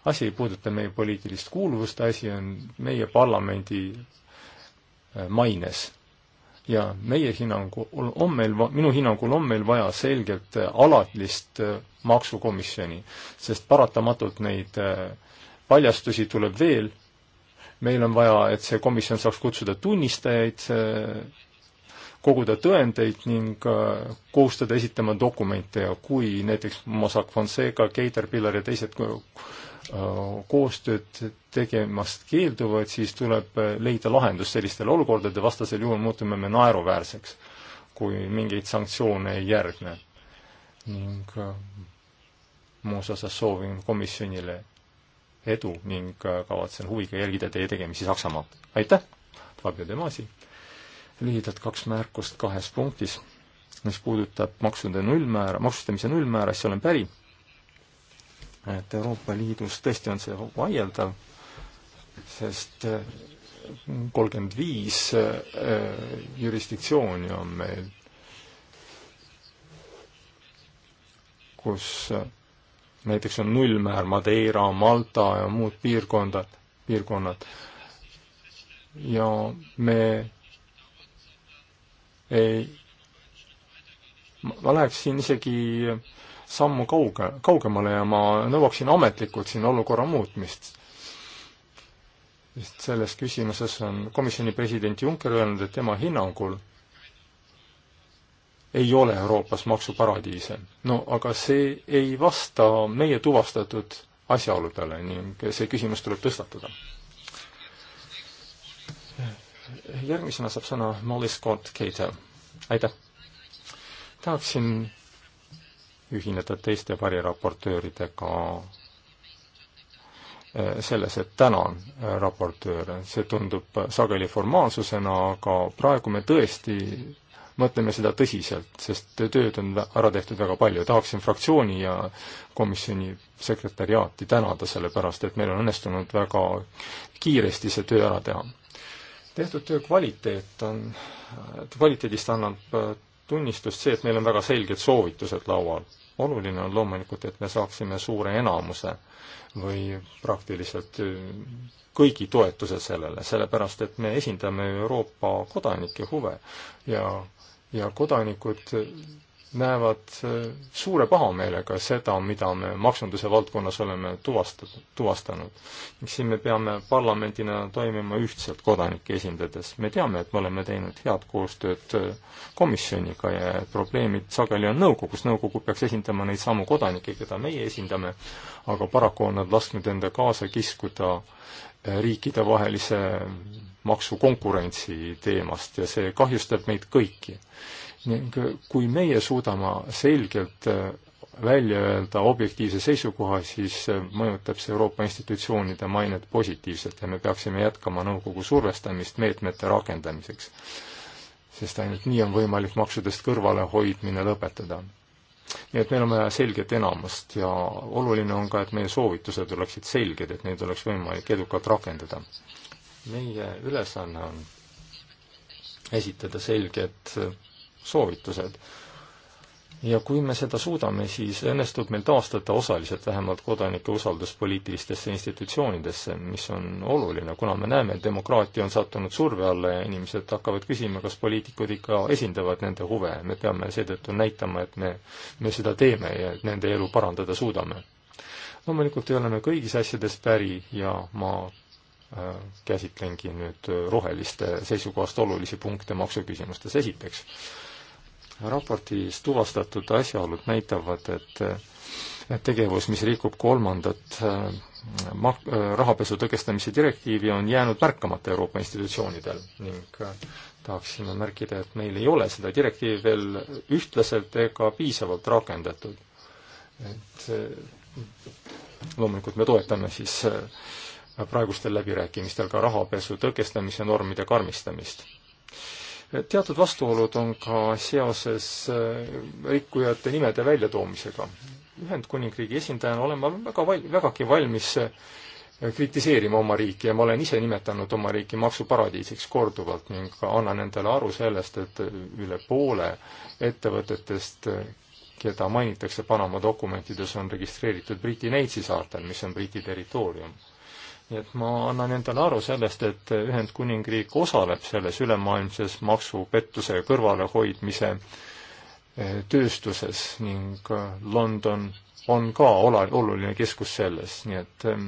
asi ei puuduta meie poliitilist kuuluvust, asi on meie parlamendi Äh, maines. ja meie hinnangul on meil, minu hinnangul on meil vaja selgelt äh, alatlist äh, maksukomisjoni, sest paratamatult neid paljastusi tuleb veel, meil on vaja, et see komisjon saaks kutsuda tunnistajaid, koguda tõendeid ning kohustada esitama dokumente ja kui näiteks Mossack Fonseca, Caterpillar ja teised Äh, koostööd tegemast keelduvad, siis tuleb äh, leida lahendus sellistele olukordadele, vastasel juhul muutume me naeruväärseks, kui mingeid sanktsioone ei järgne. ning äh, muus osas soovin komisjonile edu ning kavatsen huviga jälgida teie tegemisi Saksamaalt. aitäh, Fabio De Masi! lühidalt kaks märkust kahes punktis, mis puudutab maksude nullmäära, maksustamise nullmäära, siis olen päri et Euroopa Liidus tõesti on see vaieldav, sest äh, kolmkümmend viis äh, jurisdiktsiooni on meil, kus äh, näiteks on nullmäär Madeira, Malta ja muud piirkondad, piirkonnad. ja me ei, ma läheksin isegi sammu kauge, kaugemale ja ma nõuaksin ametlikult siin olukorra muutmist. sest selles küsimuses on komisjoni president Juncker öelnud, et tema hinnangul ei ole Euroopas maksuparadiise. no aga see ei vasta meie tuvastatud asjaoludele ning see küsimus tuleb tõstatada. järgmisena saab sõna Molly Scott Cato. aitäh! tahaksin ühineda teiste variraportööridega eh, selles, et tänan eh, raportööre, see tundub sageli formaalsusena, aga praegu me tõesti mõtleme seda tõsiselt, sest tööd on ära tehtud väga palju. tahaksin fraktsiooni ja komisjoni sekretäriaati tänada selle pärast, et meil on õnnestunud väga kiiresti see töö ära teha. tehtud töö kvaliteet on, kvaliteedist annab eh, tunnistust see, et meil on väga selged soovitused laual oluline on loomulikult, et me saaksime suure enamuse või praktiliselt äh, kõigi toetuse sellele, sellepärast et me esindame Euroopa kodanike huve ja, ja kodanikud näevad äh, suure pahameelega seda, mida me maksunduse valdkonnas oleme tuvastatud, tuvastanud. siin me peame parlamendina toimima ühtselt kodanikke esindades. me teame, et me oleme teinud head koostööd äh, komisjoniga ja et probleemid sageli on nõukogus, nõukogu peaks esindama neid samu kodanikke, keda meie esindame, aga paraku on nad lasknud enda kaasa kiskuda äh, riikidevahelise maksukonkurentsi teemast ja see kahjustab meid kõiki ning kui meie suudame selgelt äh, välja öelda objektiivse seisukoha, siis äh, mõjutab see Euroopa institutsioonide mainet positiivselt ja me peaksime jätkama nõukogu survestamist meetmete rakendamiseks. sest ainult nii on võimalik maksudest kõrvalehoidmine lõpetada. nii et meil on vaja selget enamust ja oluline on ka, et meie soovitused oleksid selged, et neid oleks võimalik edukalt rakendada. meie ülesanne on esitada selged äh, soovitused. ja kui me seda suudame, siis õnnestub meil taastada osaliselt vähemalt kodanike usaldus poliitilistesse institutsioonidesse, mis on oluline, kuna me näeme, et demokraatia on sattunud surve alla ja inimesed hakkavad küsima, kas poliitikud ikka esindavad nende huve. me peame seetõttu näitama, et me, me seda teeme ja et nende elu parandada suudame. loomulikult ei ole me kõigis asjades päri ja ma äh, käsitlengi nüüd roheliste seisukohast olulisi punkte maksuküsimustes. esiteks, raportis tuvastatud asjaolud näitavad, et et tegevus, mis rikub kolmandat äh, ma-, äh, rahapesu tõkestamise direktiivi, on jäänud märkamata Euroopa institutsioonidel ning äh, tahaksime märkida, et meil ei ole seda direktiivi veel ühtlaselt ega piisavalt rakendatud. et loomulikult me toetame siis praegustel läbirääkimistel ka rahapesu tõkestamise normide karmistamist teatud vastuolud on ka seoses äh, rikkujate nimede väljatoomisega. Ühendkuningriigi esindajana olen ma väga val-, vägagi valmis äh, kritiseerima oma riiki ja ma olen ise nimetanud oma riiki maksuparadiisiks korduvalt ning annan endale aru sellest, et äh, üle poole ettevõtetest, keda mainitakse Panama dokumentides, on registreeritud Briti Neitsi saartel, mis on Briti territoorium nii et ma annan endale aru sellest, et Ühendkuningriik osaleb selles ülemaailmses maksupettuse kõrvalehoidmise eh, tööstuses ning eh, London on ka ola-, oluline keskus selles, nii et ähm,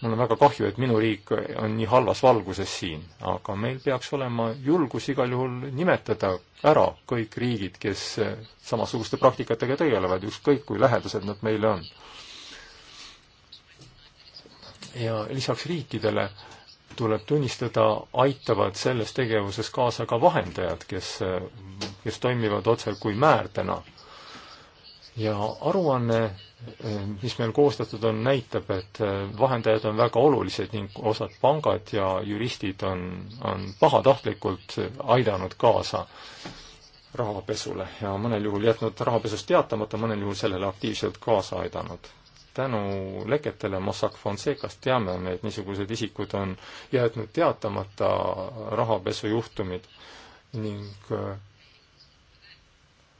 mul on väga kahju, et minu riik on nii halvas valguses siin, aga meil peaks olema julgus igal juhul nimetada ära kõik riigid, kes samasuguste praktikatega tegelevad, ükskõik kui lähedased nad meile on ja lisaks riikidele tuleb tunnistada, aitavad selles tegevuses kaasa ka vahendajad, kes, kes toimivad otse kui määrdena. ja aruanne, mis meil koostatud on, näitab, et vahendajad on väga olulised ning osad pangad ja juristid on, on pahatahtlikult aidanud kaasa rahapesule ja mõnel juhul jätnud rahapesust teatamata, mõnel juhul sellele aktiivselt kaasa aidanud tänu leketele Mossack Fonsecast teame, on, et niisugused isikud on jäetud teatamata rahapesujuhtumid ning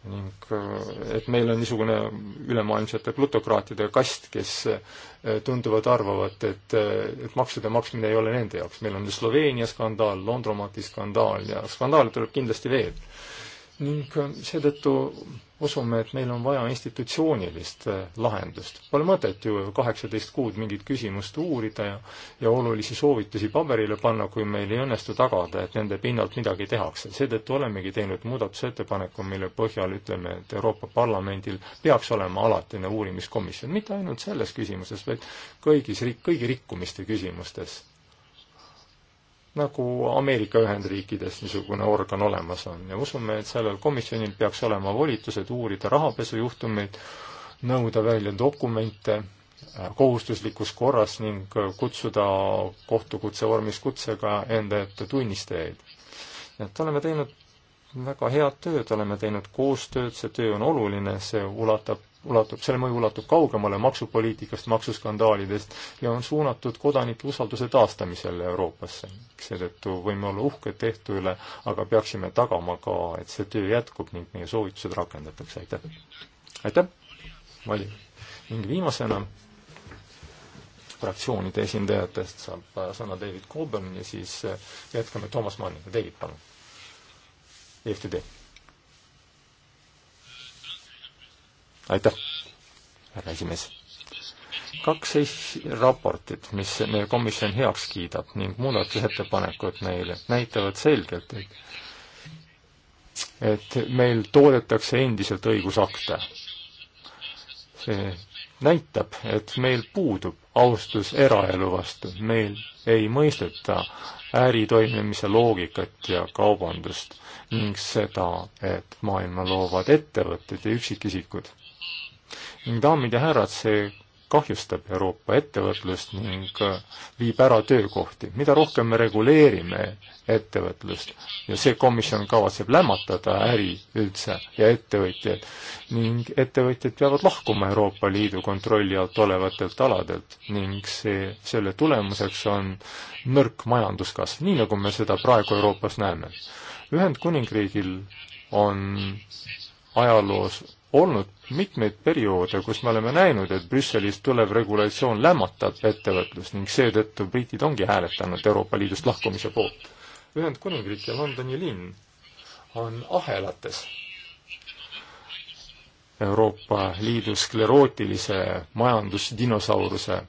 ning et meil on niisugune ülemaailmsete plutokraatide kast, kes tunduvad arvavat, et, et maksude maksmine ei ole nende jaoks. meil on Sloveenia skandaal, Londromati skandaal ja skandaale tuleb kindlasti veel ning seetõttu usume, et meil on vaja institutsioonilist äh, lahendust. Pole mõtet ju kaheksateist kuud mingit küsimust uurida ja, ja olulisi soovitusi paberile panna, kui meil ei õnnestu tagada, et nende pinnalt midagi tehakse. seetõttu olemegi teinud muudatusettepaneku, mille põhjal ütleme, et Euroopa Parlamendil peaks olema alatine uurimiskomisjon, mitte ainult selles küsimuses, vaid kõigis, kõigi rikkumiste küsimustes nagu Ameerika Ühendriikides niisugune organ olemas on ja usume, et sellel komisjonil peaks olema volitused uurida rahapesujuhtumeid, nõuda välja dokumente äh, kohustuslikus korras ning äh, kutsuda kohtukutse vormis kutsega enda ette tunnistajaid. et oleme teinud väga head tööd, oleme teinud koostööd, see töö on oluline, see ulatab ulatub, selle mõju ulatub kaugemale maksupoliitikast, maksuskandaalidest ja on suunatud kodanike usalduse taastamisele Euroopasse. seetõttu võime olla uhked tehtu üle, aga peaksime tagama ka, et see töö jätkub ning meie soovitused rakendatakse, aitäh! aitäh, Mali! ning viimasena fraktsioonide esindajatest saab sõna David Coburn ja siis jätkame Toomas Manniga, David, palun! EFTD aitäh, härra esimees. kaks raportit, mis meie komisjon heaks kiidab ning muudatusettepanekud neile näitavad selgelt, et et meil toodetakse endiselt õigusakte. see näitab, et meil puudub austus eraelu vastu, meil ei mõisteta äri toimimise loogikat ja kaubandust ning seda, et maailma loovad ettevõtted ja üksikisikud ning daamid ja härrad, see kahjustab Euroopa ettevõtlust ning äh, viib ära töökohti. mida rohkem me reguleerime ettevõtlust ja see komisjon kavatseb lämmatada äri üldse ja ettevõtjaid ning ettevõtjad peavad lahkuma Euroopa Liidu kontrolli alt olevatelt aladelt ning see, selle tulemuseks on nõrk majanduskasv, nii nagu me seda praegu Euroopas näeme. Ühendkuningriigil on ajaloos olnud mitmeid perioode, kus me oleme näinud, et Brüsselist tulev regulatsioon lämmatab ettevõtlust ning seetõttu britid ongi hääletanud Euroopa Liidust lahkumise poolt. Ühendkuningriik ja Londoni linn on ahelates Euroopa Liidu sklerootilise majandusdinosauruse äh,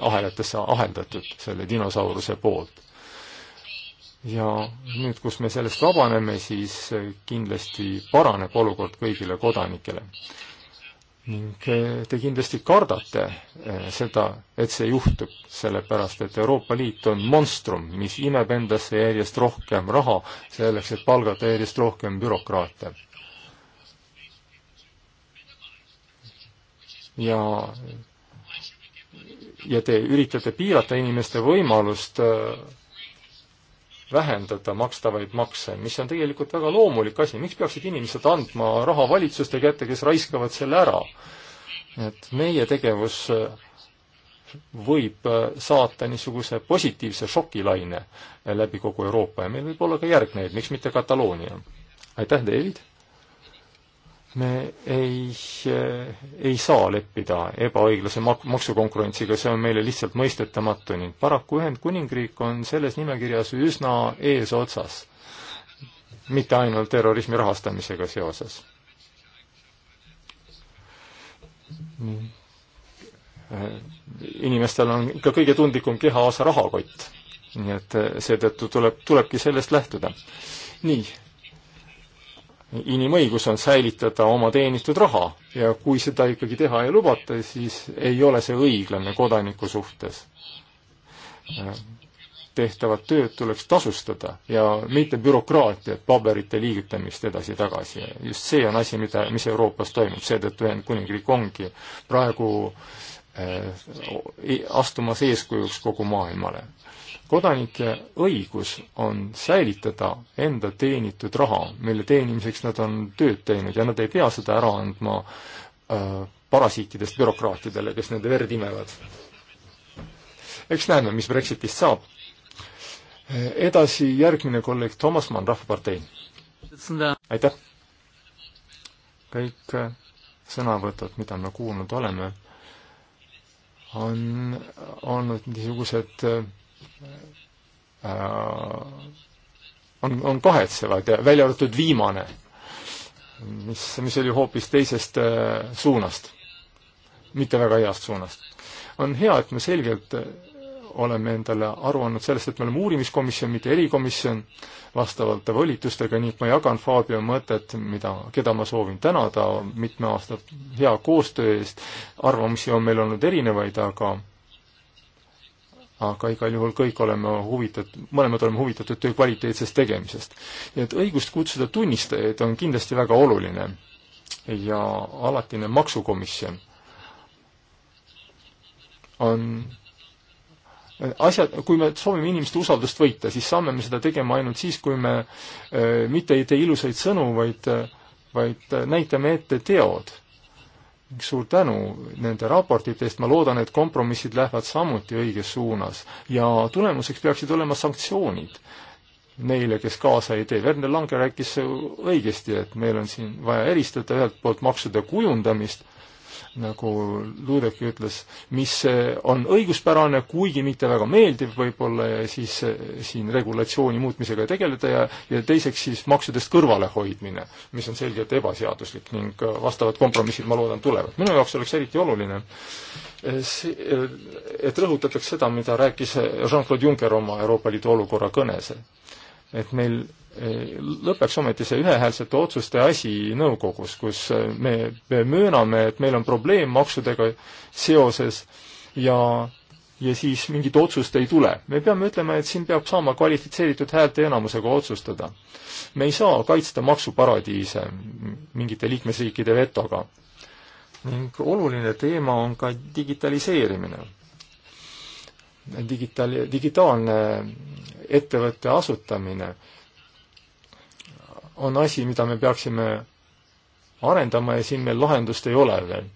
ahelatesse aheldatud selle dinosauruse poolt ja nüüd, kus me sellest vabaneme, siis kindlasti paraneb olukord kõigile kodanikele. ning eh, te kindlasti kardate eh, seda, et see juhtub, sellepärast et Euroopa Liit on monstrum, mis imeb endasse järjest rohkem raha, selleks et palgata järjest rohkem bürokraate. ja ja te üritate piirata inimeste võimalust eh, vähendada makstavaid makse, mis on tegelikult väga loomulik asi, miks peaksid inimesed andma raha valitsuste kätte, kes raiskavad selle ära? et meie tegevus võib saata niisuguse positiivse šokilaine läbi kogu Euroopa ja meil võib olla ka järgnejaid, miks mitte Kataloonia. aitäh, David! me ei, eh, ei saa leppida ebaõiglase mak-, maksukonkurentsiga, see on meile lihtsalt mõistetamatu ning paraku Ühendkuningriik on selles nimekirjas üsna eesotsas, mitte ainult terrorismi rahastamisega seoses. inimestel on ikka kõige tundlikum kehaosa rahakott, nii et eh, seetõttu tuleb, tulebki sellest lähtuda. nii inimõigus on säilitada oma teenitud raha ja kui seda ikkagi teha ei lubata, siis ei ole see õiglane kodaniku suhtes. tehtavat tööd tuleks tasustada ja mitte bürokraatiat, paberite liigutamist edasi-tagasi. just see on asi, mida, mis Euroopas toimub, seetõttu Ühendkuningriik ongi praegu eh, astumas eeskujuks kogu maailmale kodanike õigus on säilitada enda teenitud raha, mille teenimiseks nad on tööd teinud ja nad ei pea seda ära andma äh, parasiitidest bürokraatidele, kes nende verd imevad. eks näeme, mis Brexitist saab. edasi järgmine kolleeg Toomas Mann, Rahvapartei. aitäh! kõik äh, sõnavõtud, mida me kuulnud oleme, on olnud niisugused äh, Äh, on, on kahetsevad ja välja arvatud viimane, mis, mis oli hoopis teisest äh, suunast, mitte väga heast suunast. on hea, et me selgelt äh, oleme endale aru andnud sellest, et me oleme uurimiskomisjon, mitte erikomisjon, vastavalt volitustega, nii et ma jagan Fabio mõtet, mida, keda ma soovin tänada mitme aasta hea koostöö eest, arvamusi on meil olnud erinevaid, aga aga igal juhul kõik oleme huvitatud, mõlemad oleme huvitatud töö kvaliteetsest tegemisest. nii et õigust kutsuda tunnistajaid on kindlasti väga oluline ja alatine maksukomisjon on asjad, kui me soovime inimeste usaldust võita, siis saame me seda tegema ainult siis, kui me äh, mitte ei tee ilusaid sõnu, vaid, vaid näitame ette teod suur tänu nende raportite eest, ma loodan, et kompromissid lähevad samuti õiges suunas ja tulemuseks peaksid olema sanktsioonid neile, kes kaasa ei tee. Werner Lange rääkis õigesti, et meil on siin vaja eristada ühelt poolt maksude kujundamist nagu Luudeki ütles, mis eh, on õiguspärane, kuigi mitte väga meeldiv võib-olla ja siis eh, siin regulatsiooni muutmisega tegeleda ja, ja teiseks siis maksudest kõrvalehoidmine, mis on selgelt ebaseaduslik ning eh, vastavad kompromissid, ma loodan, tulevad. minu jaoks oleks eriti oluline see, et rõhutataks seda, mida rääkis Jean-Claude Juncker oma Euroopa Liidu olukorra kõnes. et meil lõpeks ometi see ühehäälsete otsuste asi nõukogus, kus me, me mööname, et meil on probleem maksudega seoses ja, ja siis mingit otsust ei tule. me peame ütlema, et siin peab saama kvalifitseeritud häälteenamusega otsustada. me ei saa kaitsta maksuparadiise mingite liikmesriikide vetoga. ning oluline teema on ka digitaliseerimine digitaal, digitaalne ettevõtte asutamine on asi, mida me peaksime arendama ja siin meil lahendust ei ole veel.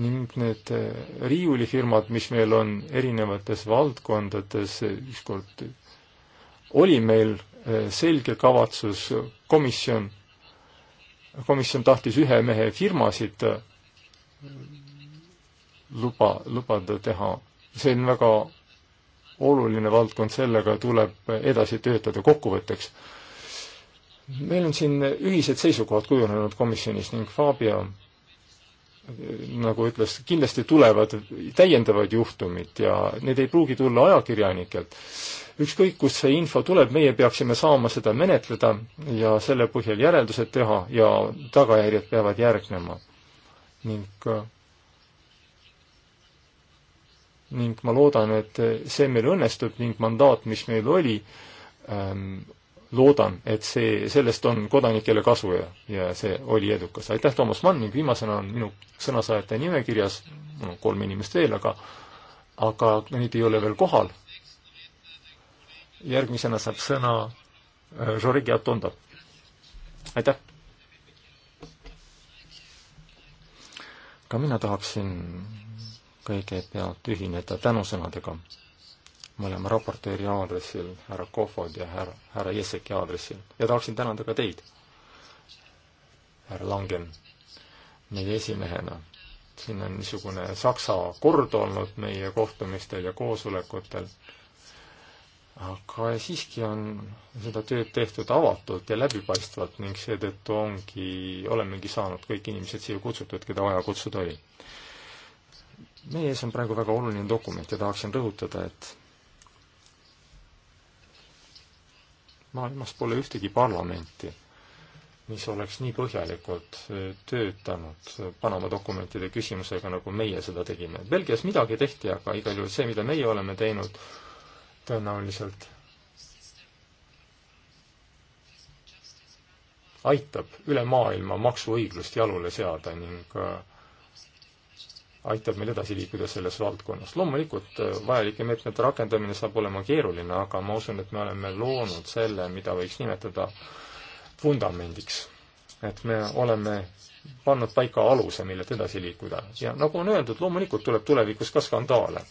ning need eh, riiulifirmad, mis meil on erinevates valdkondades, eh, ükskord oli meil eh, selge kavatsus, komisjon, komisjon tahtis ühe mehe firmasid luba, lubada teha. see on väga oluline valdkond, sellega tuleb edasi töötada kokkuvõtteks meil on siin ühised seisukohad kujunenud komisjonis ning Fabio nagu ütles, kindlasti tulevad täiendavad juhtumid ja need ei pruugi tulla ajakirjanikelt. ükskõik, kust see info tuleb, meie peaksime saama seda menetleda ja selle põhjal järeldused teha ja tagajärjed peavad järgnema. ning ning ma loodan, et see meil õnnestub ning mandaat, mis meil oli, ähm, loodan, et see, sellest on kodanikele kasu ja, ja see oli edukas. aitäh, Toomas Mann ning viimasena on minu sõnasaajate nimekirjas, mul on kolm inimest veel, aga aga neid ei ole veel kohal. järgmisena saab sõna äh, Jorge Atondo. aitäh! ka mina tahaksin kõigepealt ühineda tänusõnadega mõlema raportööri aadressil, härra Kofod ja härra, härra Jesseki aadressil. ja tahaksin tänada ka teid, härra Langen, meie esimehena. siin on niisugune saksa kord olnud meie kohtumistel ja koosolekutel, aga siiski on seda tööd tehtud avatult ja läbipaistvalt ning seetõttu ongi, olemegi saanud kõik inimesed siia kutsutud, keda vaja kutsuda oli meie ees on praegu väga oluline dokument ja tahaksin rõhutada, et maailmas pole ühtegi parlamenti, mis oleks nii põhjalikult eh, töötanud Panama dokumentide küsimusega, nagu meie seda tegime. Belgias midagi tehti, aga igal juhul see, mida meie oleme teinud, tõenäoliselt aitab üle maailma maksuõiglust jalule seada ning äh, aitab meil edasi liikuda selles valdkonnas. loomulikult äh, vajalike meetmete rakendamine saab olema keeruline, aga ma usun, et me oleme loonud selle, mida võiks nimetada vundamendiks. et me oleme pannud paika aluse, millelt edasi liikuda. ja nagu on öeldud, loomulikult tuleb tulevikus ka skandaale.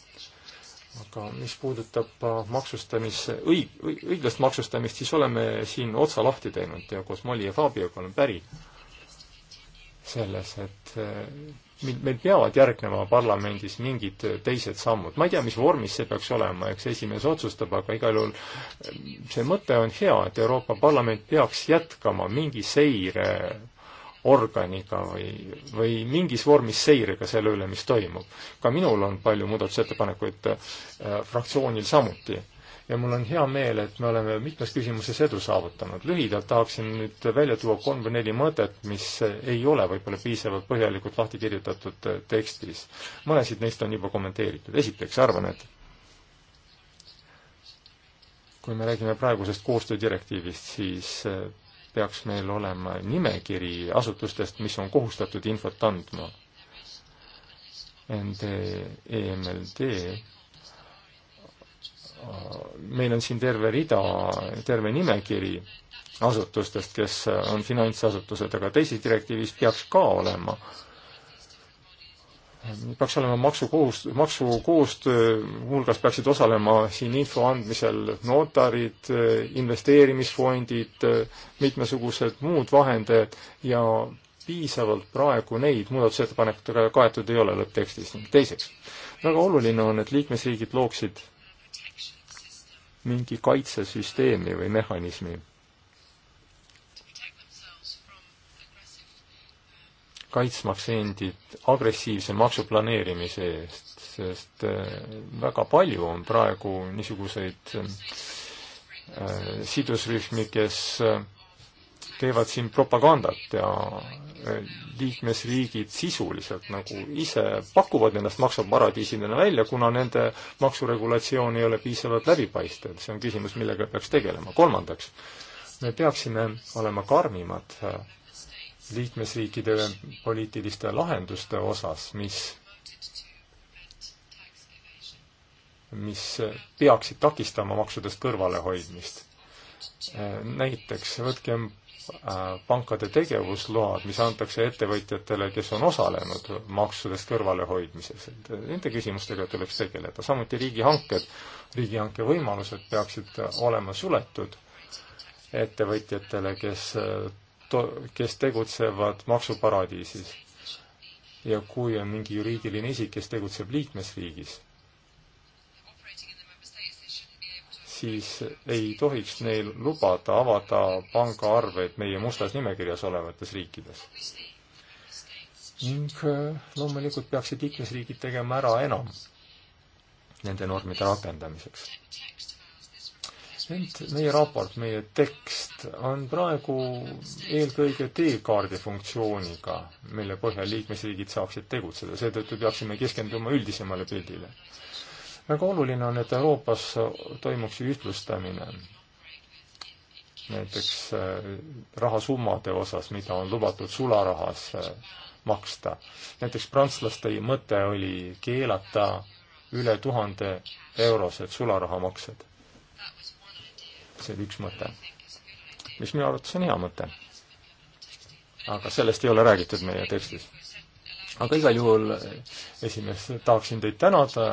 aga mis puudutab äh, maksustamis, õig-, õiglast maksustamist, siis oleme siin otsa lahti teinud ja koos Molli ja Fabioga olen päri selles, et äh, meil peavad järgnema parlamendis mingid teised sammud. ma ei tea, mis vormis see peaks olema, eks esimees otsustab, aga igal juhul eh, see mõte on hea, et Euroopa Parlament peaks jätkama mingi seireorganiga või, või mingis vormis seirega selle üle, mis toimub. ka minul on palju muudatusettepanekuid äh,, fraktsioonil samuti ja mul on hea meel, et me oleme mitmes küsimuses edu saavutanud. lühidalt tahaksin nüüd välja tuua kolm või neli mõtet, mis ei ole võib-olla piisavalt põhjalikult lahti kirjutatud tekstis. mõnesid neist on juba kommenteeritud. esiteks arvan, et kui me räägime praegusest koostöödirektiivist, siis peaks meil olema nimekiri asutustest, mis on kohustatud infot andma. ND, EMLD meil on siin terve rida, terve nimekiri asutustest, kes on finantsasutused, aga teises direktiivis peaks ka olema. peaks olema maksukohust-, maksukoostöö, muuhulgas peaksid osalema siin info andmisel notarid, investeerimisfondid, mitmesugused muud vahendajad ja piisavalt praegu neid muudatusettepanekutega kaetud ei ole lõpptekstis. teiseks, väga oluline on, et liikmesriigid looksid mingi kaitsesüsteemi või mehhanismi. kaitsmaks endid agressiivse maksuplaneerimise eest, sest äh, väga palju on praegu niisuguseid äh, sidusrühmi, kes äh, teevad siin propagandat ja liikmesriigid sisuliselt nagu ise pakuvad ennast maksuparadiisidena välja, kuna nende maksuregulatsioon ei ole piisavalt läbipaistev. see on küsimus, millega peaks tegelema. kolmandaks, me peaksime olema karmimad liikmesriikide poliitiliste lahenduste osas, mis mis peaksid takistama maksudest kõrvalehoidmist. näiteks võtkem Äh, pankade tegevusload, mis antakse ettevõtjatele, kes on osalenud maksudest kõrvalehoidmises, et äh, nende küsimustega tuleks tegeleda, samuti riigihanked, riigihanke võimalused peaksid olema suletud ettevõtjatele, kes äh, to-, kes tegutsevad maksuparadiisis. ja kui on mingi juriidiline isik, kes tegutseb liikmesriigis siis ei tohiks neil lubada avada pangaarveid meie mustas nimekirjas olevates riikides. ning äh, loomulikult peaksid liikmesriigid tegema ära enam nende normide rakendamiseks. ent meie raport, meie tekst on praegu eelkõige teekaardi funktsiooniga, mille põhjal liikmesriigid saaksid tegutseda, seetõttu peaksime keskenduma üldisemale pildile väga oluline on, et Euroopas toimuks ühtlustamine näiteks äh, rahasummade osas, mida on lubatud sularahas äh, maksta. näiteks prantslaste mõte oli keelata üle tuhande eurosed sularahamaksed. see oli üks mõte, mis minu arvates on hea mõte. aga sellest ei ole räägitud meie tekstis aga igal juhul, eh, esimees, tahaksin teid tänada,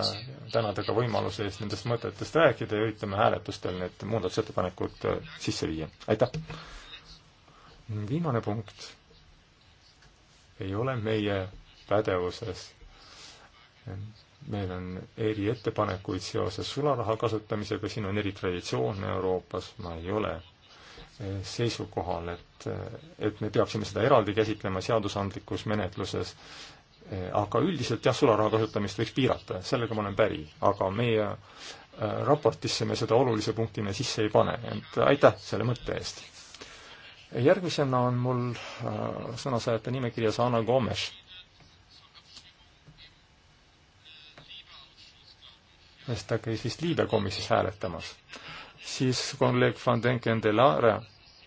tänada ka võimaluse eest nendest mõtetest rääkida ja üritame hääletustel need muudatusettepanekud eh, sisse viia. aitäh! viimane punkt ei ole meie pädevuses. meil on eriettepanekuid seoses sularaha kasutamisega, siin on eritraditsioone Euroopas, ma ei ole eh, seisukohal, et, et me peaksime seda eraldi käsitlema seadusandlikus menetluses Eh, aga üldiselt jah, sularaha kasutamist võiks piirata, sellega ma olen päri, aga meie äh, raportisse me seda olulise punktina sisse ei pane, et aitäh selle mõtte eest. järgmisena on mul äh, sõnasaajate nimekirjas Anna Gomes. sest ta käis vist Liibe komisjonis hääletamas. siis kolleeg Van Denken de Laare,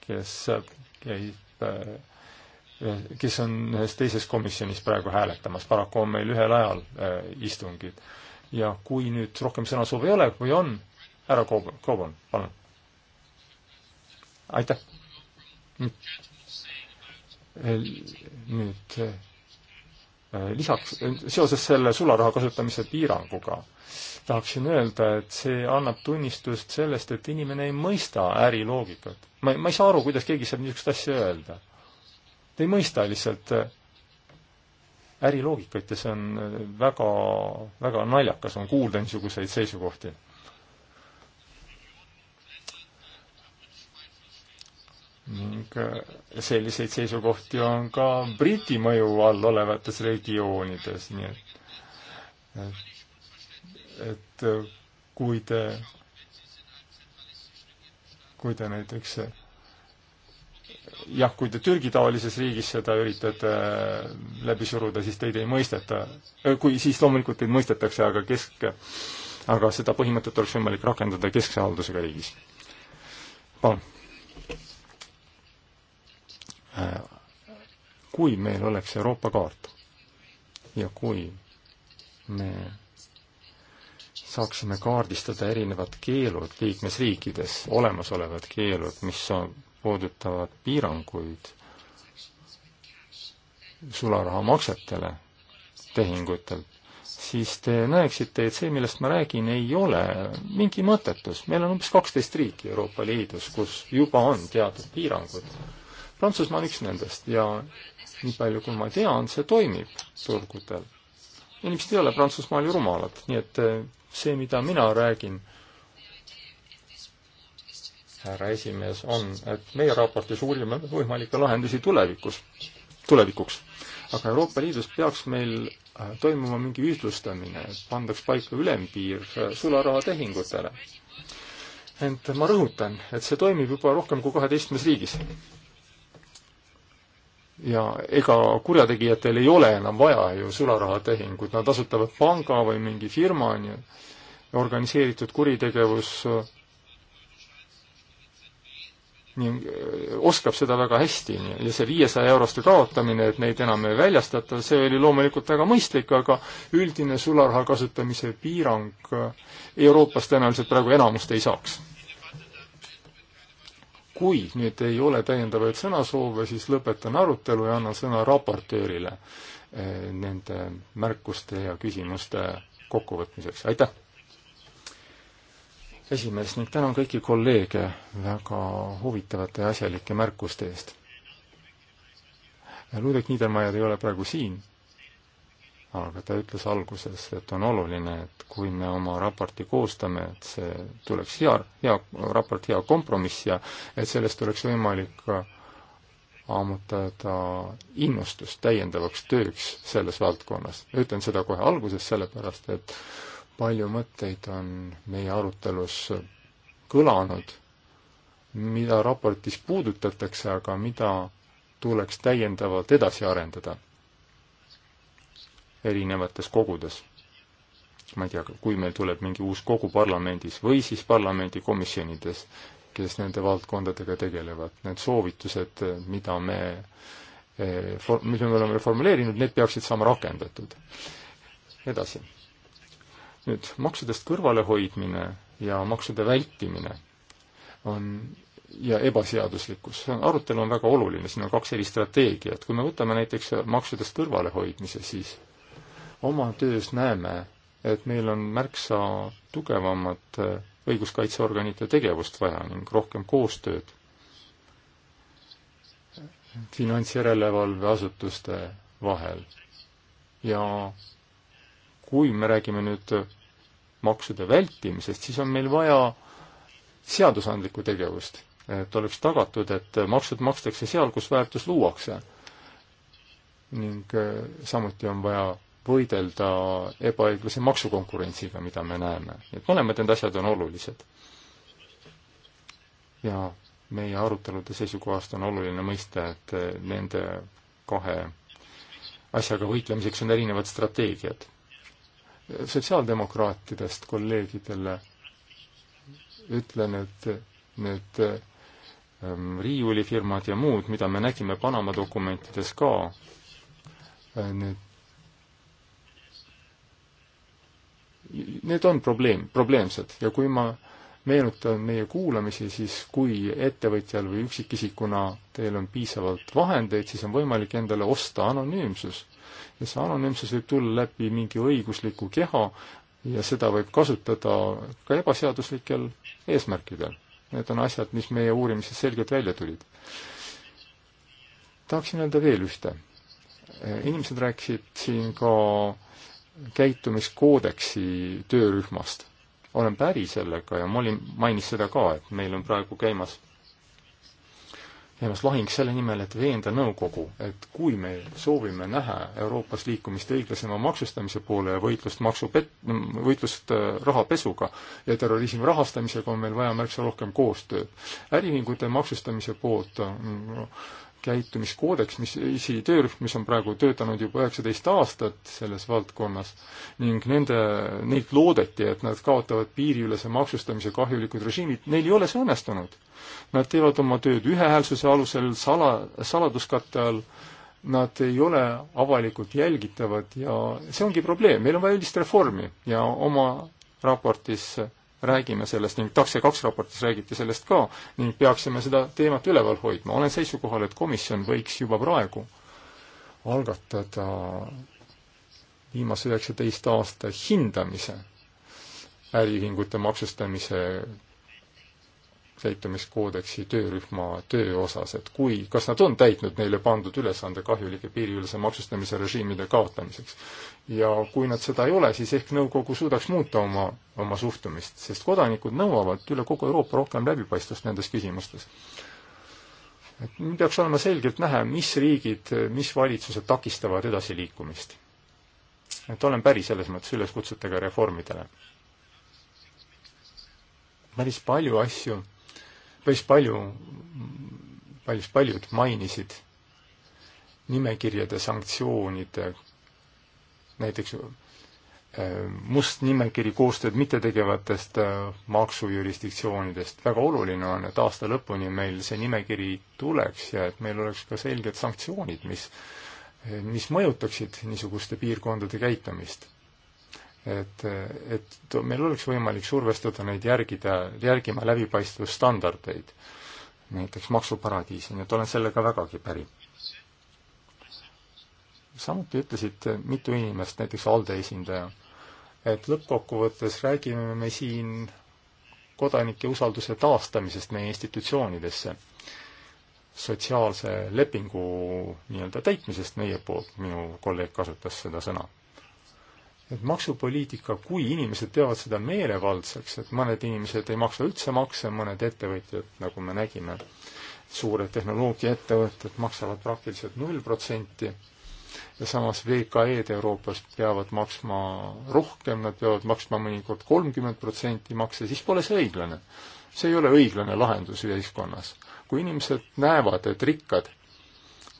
kes käib äh, kes on ühes teises komisjonis praegu hääletamas, paraku on meil ühel ajal äh, istungid. ja kui nüüd rohkem sõnasoove ei ole või on, härra Koobon, Koobon, palun. aitäh. nüüd äh, lisaks, seoses selle sularaha kasutamise piiranguga tahaksin öelda, et see annab tunnistust sellest, et inimene ei mõista äriloogikat. ma, ma ei saa aru, kuidas keegi saab niisugust asja öelda Te ei mõista lihtsalt äh, äriloogikat ja see on äh, väga, väga naljakas on kuulda niisuguseid seisukohti. ning äh, selliseid seisukohti on ka Briti mõju all olevates regioonides, nii et et kui te, kui te näiteks jah, kui te Türgi-taolises riigis seda üritate äh, läbi suruda, siis teid ei mõisteta. Äh, kui, siis loomulikult teid mõistetakse, aga kesk, aga seda põhimõtet oleks võimalik rakendada keskse haldusega riigis. palun. Äh, kui meil oleks Euroopa kaart ja kui me saaksime kaardistada erinevad keelud liikmesriikides, olemasolevad keelud, mis on, puudutavad piiranguid sularahamaksetele tehingutelt, siis te näeksite, et see, millest ma räägin, ei ole mingi mõttetus. meil on umbes kaksteist riiki Euroopa Liidus, kus juba on teatud piirangud. Prantsusmaa on üks nendest ja nii palju, kui ma tean, see toimib turgudel. inimesed ei ole Prantsusmaal ju rumalad, nii et eh, see, mida mina räägin, härra esimees, on, et meie raportis uurime võimalikke lahendusi tulevikus, tulevikuks. aga Euroopa Liidus peaks meil äh, toimuma mingi ühtlustamine, pandaks paika ülempiir äh, sularahatehingutele. ent ma rõhutan, et see toimib juba rohkem kui kaheteistkümnes riigis. ja ega kurjategijatel ei ole enam vaja ju sularahatehingut, nad asutavad panga või mingi firma, on ju, organiseeritud kuritegevus ning äh, oskab seda väga hästi ja see viiesaja euroste kaotamine, et neid enam ei väljastata, see oli loomulikult väga mõistlik, aga üldine sularaha kasutamise piirang äh, Euroopas tõenäoliselt praegu enamust ei saaks. kui nüüd ei ole täiendavaid sõnasoove, siis lõpetan arutelu ja annan sõna raportöörile äh, nende märkuste ja küsimuste kokkuvõtmiseks, aitäh! esimees ning tänan kõiki kolleege väga huvitavate ja asjalike märkuste eest. Ludek Niedermayer ei ole praegu siin, aga ta ütles alguses, et on oluline, et kui me oma raporti koostame, et see tuleks hea, hea raport, hea kompromiss ja et sellest oleks võimalik ammutada innustust täiendavaks tööks selles valdkonnas. ütlen seda kohe alguses, sellepärast et äh, palju mõtteid on meie arutelus kõlanud, mida raportis puudutatakse, aga mida tuleks täiendavalt edasi arendada erinevates kogudes. ma ei tea, kui meil tuleb mingi uus kogu parlamendis või siis parlamendikomisjonides, kes nende valdkondadega tegelevad, need soovitused, mida me, eh, mida me oleme formuleerinud, need peaksid saama rakendatud. edasi nüüd maksudest kõrvalehoidmine ja maksude vältimine on ja ebaseaduslikkus, see on, arutelu on väga oluline, siin on kaks sellist strateegiat, kui me võtame näiteks maksudest kõrvalehoidmise, siis oma töös näeme, et meil on märksa tugevamat äh, õiguskaitseorganite tegevust vaja ning rohkem koostööd finantsjärelevalveasutuste vahel. ja kui me räägime nüüd maksude vältimisest, siis on meil vaja seadusandlikku tegevust, et oleks tagatud, et maksud makstakse seal, kus väärtus luuakse. ning äh, samuti on vaja võidelda ebaõiglase maksukonkurentsiga, mida me näeme. et mõlemad need asjad on olulised. ja meie arutelude seisukohast on oluline mõista, et äh, nende kahe asjaga võitlemiseks on erinevad strateegiad sotsiaaldemokraatidest kolleegidele ütlen, et need ähm, riiulifirmad ja muud, mida me nägime Panama dokumentides ka, äh, need, need on probleem, probleemsed ja kui ma meenutan meie kuulamisi, siis kui ettevõtjal või üksikisikuna teil on piisavalt vahendeid, siis on võimalik endale osta anonüümsus ja see anonüümsus võib tulla läbi mingi õigusliku keha ja seda võib kasutada ka ebaseaduslikel eesmärkidel. Need on asjad, mis meie uurimises selgelt välja tulid. tahaksin öelda veel ühte. inimesed rääkisid siin ka käitumiskoodeksi töörühmast. olen päri sellega ja ma olin, mainis seda ka, et meil on praegu käimas käimas lahing selle nimel, et veenda nõukogu, et kui me soovime näha Euroopas liikumist õiglasema maksustamise poole ja võitlust maksupet-, võitlust äh, rahapesuga ja terrorismi rahastamisega, on meil vaja märksa rohkem koostööd. äriühingute maksustamise poolt käitumiskoodeks, mis, isi töörühm, mis on praegu töötanud juba üheksateist aastat selles valdkonnas ning nende, neilt loodeti, et nad kaotavad piiriülese maksustamise kahjulikud režiimid, neil ei ole see õnnestunud. Nad teevad oma tööd ühehäälsuse alusel sala, saladuskatte all, nad ei ole avalikult jälgitavad ja see ongi probleem, meil on vaja üldist reformi ja oma raportis äh, räägime sellest ning TAKSE kaks raportis räägiti sellest ka ning peaksime seda teemat üleval hoidma. olen seisukohal, et komisjon võiks juba praegu algatada viimase üheksateist aasta hindamise äriühingute maksustamise käitumiskoodeksi töörühma töö osas, et kui, kas nad on täitnud neile pandud ülesande kahjulike piiriülese maksustamise režiimide kaotamiseks. ja kui nad seda ei ole, siis ehk nõukogu suudaks muuta oma, oma suhtumist, sest kodanikud nõuavad üle kogu Euroopa rohkem läbipaistvust nendes küsimustes. et peaks olema selgelt näha, mis riigid, mis valitsused takistavad edasiliikumist. et olen päri selles mõttes üleskutsetega reformidele. päris palju asju päris palju, päris paljud mainisid nimekirjade sanktsioonide, näiteks äh, must nimekiri koostööd mittetegevatest äh, maksujurisdiktsioonidest. väga oluline on, et aasta lõpuni meil see nimekiri tuleks ja et meil oleks ka selged sanktsioonid, mis, mis mõjutaksid niisuguste piirkondade käitumist et, et meil oleks võimalik survestada neid järgida, järgima läbipaistvusstandardeid, näiteks maksuparadiisi, nii et olen sellega vägagi päri. samuti ütlesid mitu inimest, näiteks ALDE esindaja, et lõppkokkuvõttes räägime me siin kodanike usalduse taastamisest meie institutsioonidesse, sotsiaalse lepingu nii-öelda täitmisest meie poolt, minu kolleeg kasutas seda sõna et maksupoliitika, kui inimesed teevad seda meelevaldseks, et mõned inimesed ei maksa üldse makse, mõned ettevõtjad, nagu me nägime, suured tehnoloogiaettevõtted maksavad praktiliselt null protsenti ja samas VKE-d Euroopas peavad maksma rohkem, nad peavad maksma mõnikord kolmkümmend protsenti makse, siis pole see õiglane. see ei ole õiglane lahendus ühiskonnas. kui inimesed näevad, et rikkad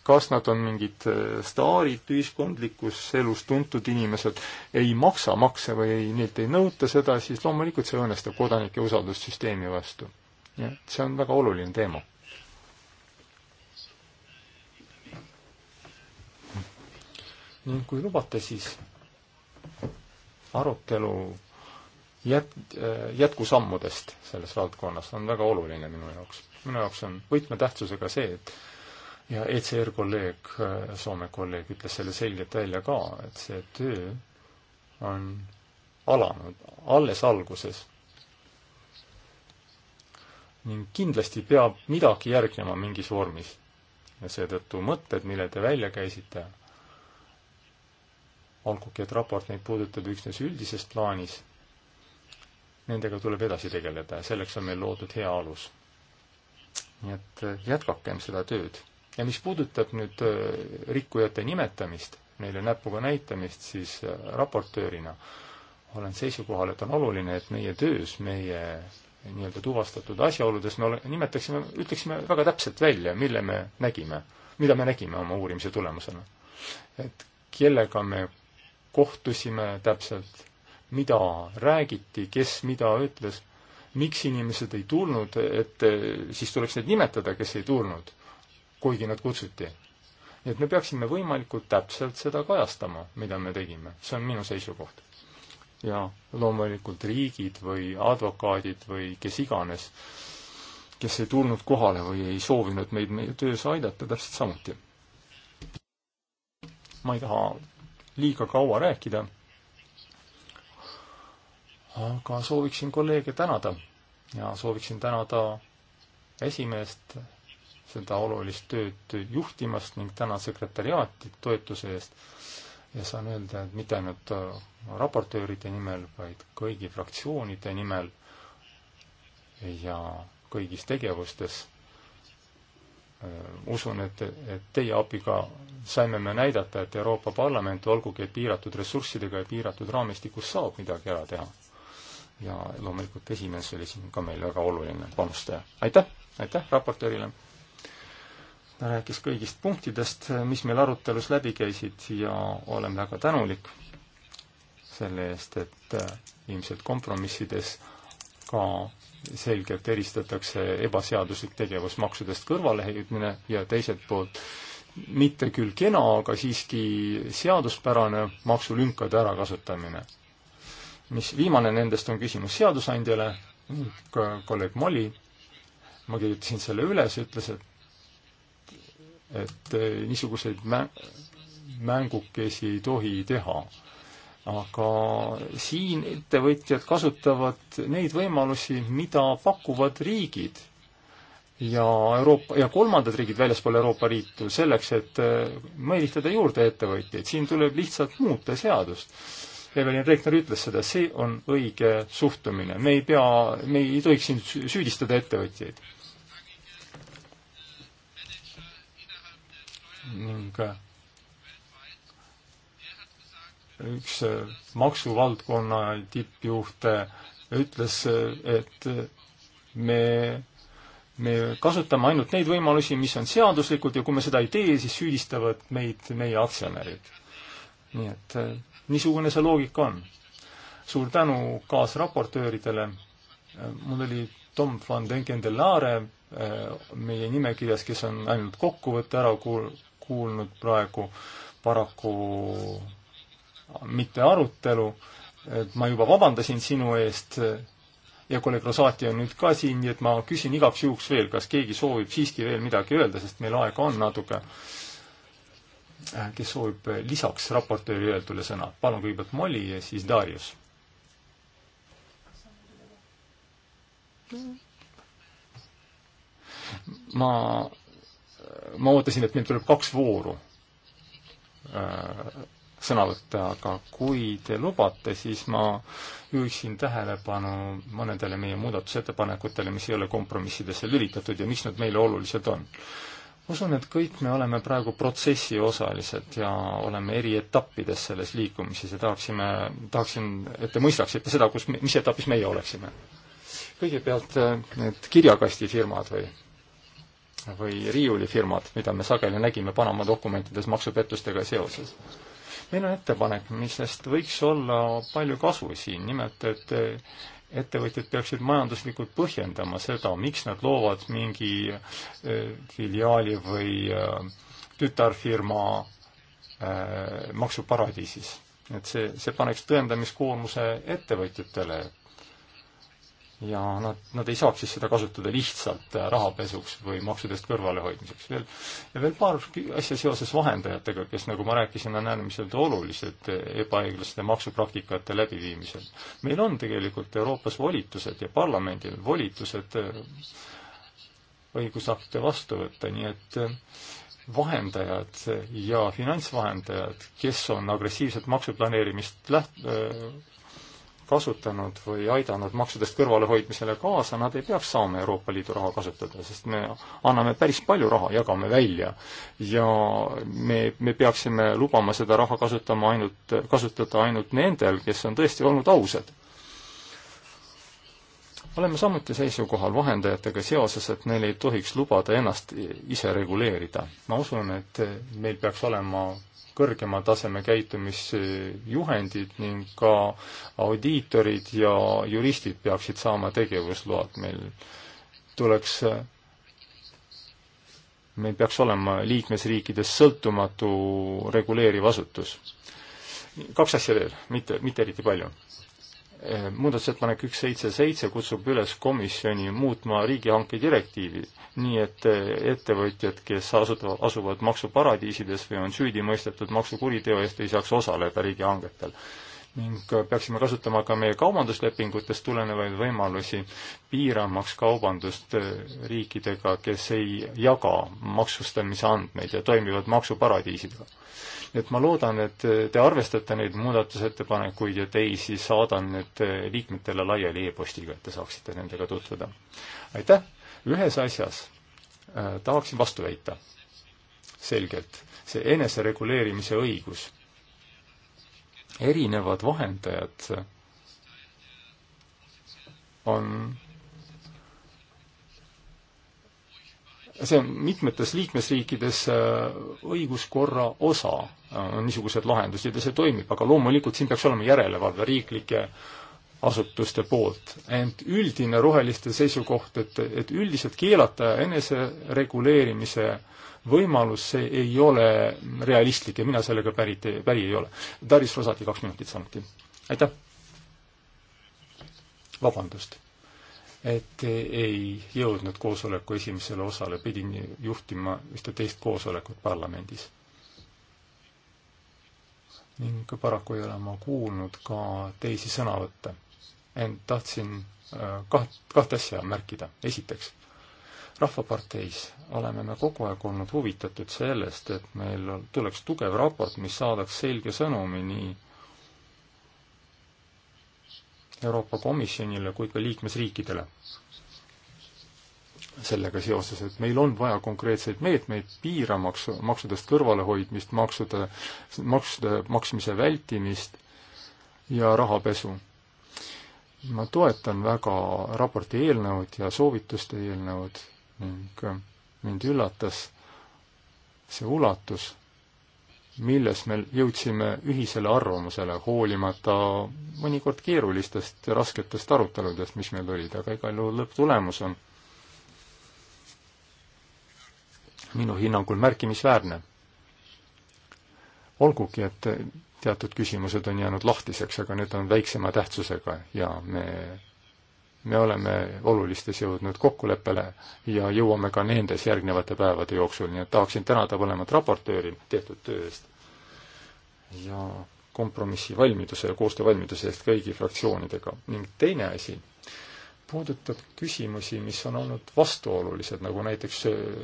kas nad on mingid äh, staarid ühiskondlikus elus tuntud inimesed, ei maksa makse või ei, neilt ei nõuta seda, siis loomulikult see õõnestab kodanike usaldust süsteemi vastu. nii et see on väga oluline teema. ning kui lubate, siis arutelu jät-, äh, jätkusammudest selles valdkonnas on väga oluline minu jaoks. minu jaoks on võtmetähtsusega see, et ja ECR kolleeg, äh, Soome kolleeg ütles selle selgelt välja ka, et see töö on alanud, alles alguses. ning kindlasti peab midagi järgnema mingis vormis. ja seetõttu mõtted, mille te välja käisite, olgugi et raport neid puudutab üksnes üldises plaanis, nendega tuleb edasi tegeleda ja selleks on meil loodud hea alus. nii et äh, jätkakem seda tööd ja mis puudutab nüüd äh, rikkujate nimetamist, neile näpuga näitamist, siis äh, raportöörina olen seisukohal, et on oluline, et meie töös, meie nii-öelda tuvastatud asjaoludes me ole, nimetaksime, ütleksime väga täpselt välja, mille me nägime, mida me nägime oma uurimise tulemusena. et kellega me kohtusime täpselt, mida räägiti, kes mida ütles, miks inimesed ei tulnud, et äh, siis tuleks neid nimetada, kes ei tulnud kuigi nad kutsuti. nii et me peaksime võimalikult täpselt seda kajastama, mida me tegime, see on minu seisukoht. ja loomulikult riigid või advokaadid või kes iganes, kes ei tulnud kohale või ei soovinud meid meie töös aidata, täpselt samuti. ma ei taha liiga kaua rääkida, aga sooviksin kolleege tänada ja sooviksin tänada esimeest seda olulist tööd juhtimast ning tänan sekretäriaati toetuse eest ja saan öelda, et mitte ainult äh, raportööride nimel, vaid kõigi fraktsioonide nimel ja kõigis tegevustes äh, usun, et, et teie abiga saime me näidata, et Euroopa Parlament, olgugi et piiratud ressurssidega ja piiratud raamistikus, saab midagi ära teha. ja loomulikult esimees oli siin ka meil väga oluline panustaja. aitäh, aitäh raportöörile! ta rääkis kõigist punktidest, mis meil arutelus läbi käisid ja olen väga tänulik selle eest, et äh, ilmselt kompromissides ka selgelt eristatakse ebaseaduslik tegevus maksudest kõrvaleheidmine ja teiselt poolt mitte küll kena, aga siiski seaduspärane maksulünkade ärakasutamine. mis viimane nendest on küsimus seadusandjale, äh, kolleeg Moli, ma kirjutasin selle üles, ütles, et et eh, niisuguseid mä-, mängukesi ei tohi teha. aga siin ettevõtjad kasutavad neid võimalusi, mida pakuvad riigid ja Euroopa, ja kolmandad riigid väljaspool Euroopa Liitu selleks, et eh, meelitada juurde ettevõtjaid, siin tuleb lihtsalt muuta seadust. Evelyn Reikner ütles seda, see on õige suhtumine, me ei pea, me ei tohiks siin süüdistada ettevõtjaid ning äh, üks äh, maksuvaldkonna tippjuhte ütles, äh, et me, me kasutame ainult neid võimalusi, mis on seaduslikud ja kui me seda ei tee, siis süüdistavad meid meie aktsionärid. nii et niisugune see loogika on. suur tänu kaasraportööridele, mul oli Tom van Denken de Laare meie nimekirjas, kes on ainult kokkuvõtte ära kuul-, kuulnud praegu paraku mitte arutelu, et ma juba vabandasin sinu eest ja kolleeg Rosati on nüüd ka siin, nii et ma küsin igaks juhuks veel, kas keegi soovib siiski veel midagi öelda, sest meil aega on natuke. kes soovib lisaks raportööri öeldule sõna? palun kõigepealt Molli ja siis Darius. ma ma ootasin, et meil tuleb kaks vooru äh, sõna võtta, aga kui te lubate, siis ma juhiksin tähelepanu mõnedele meie muudatusettepanekutele, mis ei ole kompromissidesse lülitatud ja miks nad meile olulised on. usun, et kõik me oleme praegu protsessi osalised ja oleme eri etappides selles liikumises ja tahaksime, tahaksin, et te mõistaksite seda, kus, mis etapis meie oleksime. kõigepealt äh, need kirjakastifirmad või või riiulifirmad, mida me sageli nägime Panama dokumentides maksupettustega seoses. meil on ettepanek, millest võiks olla palju kasu siin, nimelt et ettevõtjad peaksid majanduslikult põhjendama seda, miks nad loovad mingi eh, filiaali või eh, tütarfirma eh, maksuparadiisis. et see, see paneks tõendamiskoormuse ettevõtjatele, ja nad, nad ei saaks siis seda kasutada lihtsalt äh, rahapesuks või maksudest kõrvalehoidmiseks veel. ja veel paar asja seoses vahendajatega, kes, nagu ma rääkisin, on äärmiselt olulised äh, ebaõiglaste maksupraktikate läbiviimisel. meil on tegelikult Euroopas volitused ja parlamendil volitused äh, õigusakte vastu võtta, nii et vahendajad ja finantsvahendajad, kes on agressiivset maksuplaneerimist läht-, kasutanud või aidanud maksudest kõrvalehoidmisele kaasa, nad ei peaks saama Euroopa Liidu raha kasutada, sest me anname päris palju raha, jagame välja. ja me, me peaksime lubama seda raha kasutama ainult, kasutada ainult nendel, kes on tõesti olnud ausad. oleme samuti seisukohal vahendajatega seoses, et neil ei tohiks lubada ennast ise reguleerida. ma usun, et meil peaks olema kõrgema taseme käitumisjuhendid ning ka audiitorid ja juristid peaksid saama tegevusload. meil tuleks, meil peaks olema liikmesriikides sõltumatu reguleeriv asutus. kaks asja veel, mitte, mitte eriti palju Eh, muudatusettepanek üks seitse seitse kutsub üles komisjoni muutma riigihanke direktiivi, nii et eh, ettevõtjad, kes asutavad, asuvad maksuparadiisides või on süüdi mõistetud maksukuriteo eest, ei saaks osaleda riigihangetel. ning eh, peaksime kasutama ka meie kaubanduslepingutest tulenevaid võimalusi, piiramaks kaubandust riikidega, kes ei jaga maksustamise andmeid ja toimivad maksuparadiisidega et ma loodan, et te arvestate neid muudatusettepanekuid ja teisi saadan need liikmetele laiali e-postiga, et te saaksite nendega tutvuda. aitäh, ühes asjas äh, tahaksin vastu väita selgelt, see enesereguleerimise õigus. erinevad vahendajad on see on mitmetes liikmesriikides äh, õiguskorra osa on äh, niisugused lahendused ja see toimib, aga loomulikult siin peaks olema järelevalve riiklike asutuste poolt. ent üldine roheliste seisukoht, et, et üldiselt keelata enesereguleerimise võimalus, see ei ole realistlik ja mina sellega pärit, päri ei ole. Daris Rosati kaks minutit samuti. aitäh! vabandust, et ei jõudnud koosoleku esimesele osale, pidin juhtima ühte teist koosolekut parlamendis ning paraku ei ole ma kuulnud ka teisi sõnavõtte. ent tahtsin äh, kaht, kahte asja märkida. esiteks, Rahvaparteis oleme me kogu aeg olnud huvitatud sellest, et meil tuleks tugev raport, mis saadaks selge sõnumi nii Euroopa Komisjonile kui ka liikmesriikidele sellega seoses, et meil on vaja konkreetseid meetmeid piiramaks maksudest kõrvalehoidmist, maksude, maksude maksmise vältimist ja rahapesu. ma toetan väga raporti eelnõud ja soovituste eelnõud ning mind üllatas see ulatus, milles me jõudsime ühisele arvamusele, hoolimata mõnikord keerulistest ja rasketest aruteludest, mis meil olid, aga igal juhul lõpptulemus on minu hinnangul märkimisväärne. olgugi, et teatud küsimused on jäänud lahtiseks, aga need on väiksema tähtsusega ja me, me oleme olulistes jõudnud kokkuleppele ja jõuame ka nendes järgnevate päevade jooksul, nii et tahaksin tänada mõlemat raportööri tehtud töö eest ja kompromissi valmiduse ja koostöövalmiduse eest kõigi fraktsioonidega. ning teine asi puudutab küsimusi, mis on olnud vastuolulised, nagu näiteks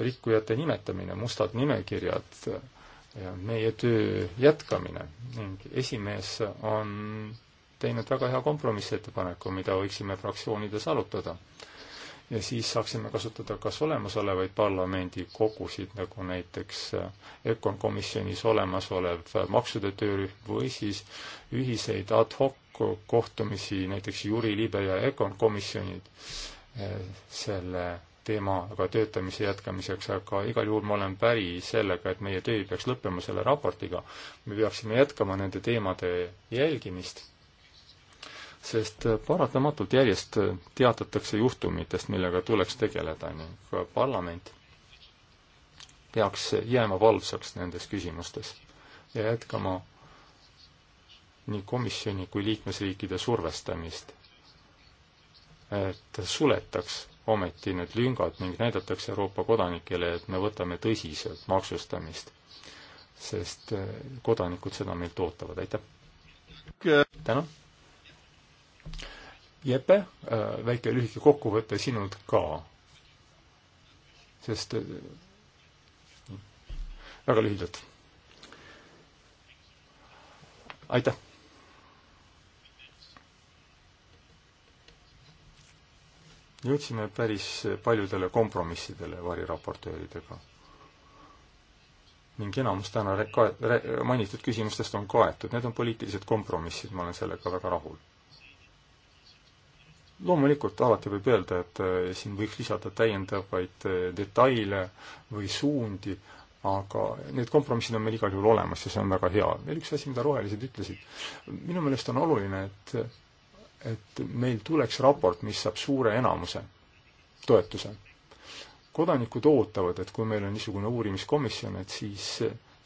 rikkujate nimetamine, mustad nimekirjad ja meie töö jätkamine ning esimees on teinud väga hea kompromissettepaneku, mida võiksime fraktsioonides arutada. ja siis saaksime kasutada kas olemasolevaid parlamendikogusid, nagu näiteks EKOn komisjonis olemasolev maksude töörühm või siis ühiseid ad hoc kohtumisi, näiteks Juri, Libe ja Econ komisjonid eh, selle teemaga töötamise jätkamiseks, aga igal juhul ma olen päri sellega, et meie töö peaks lõppema selle raportiga. me peaksime jätkama nende teemade jälgimist, sest eh, paratamatult järjest eh, teatatakse juhtumitest, millega tuleks tegeleda ning parlament peaks jääma valvsaks nendes küsimustes ja jätkama nii komisjoni kui liikmesriikide survestamist, et suletaks ometi need lüngad ning näidatakse Euroopa kodanikele, et me võtame tõsiselt maksustamist. sest äh, kodanikud seda meilt ootavad, aitäh! tänan! Jeppe, äh, väike lühike kokkuvõte sinult ka. sest äh, väga lühidalt. aitäh! jõudsime päris paljudele kompromissidele variraportööridega. ning enamus täna ka-, mainitud küsimustest on kaetud, need on poliitilised kompromissid, ma olen sellega väga rahul. loomulikult alati võib öelda, et eh, siin võiks lisada täiendavaid eh, detaile või suundi, aga need kompromissid on meil igal juhul olemas ja see on väga hea. veel üks asi, mida rohelised ütlesid. minu meelest on oluline, et et meil tuleks raport, mis saab suure enamuse toetuse. kodanikud ootavad, et kui meil on niisugune uurimiskomisjon, et siis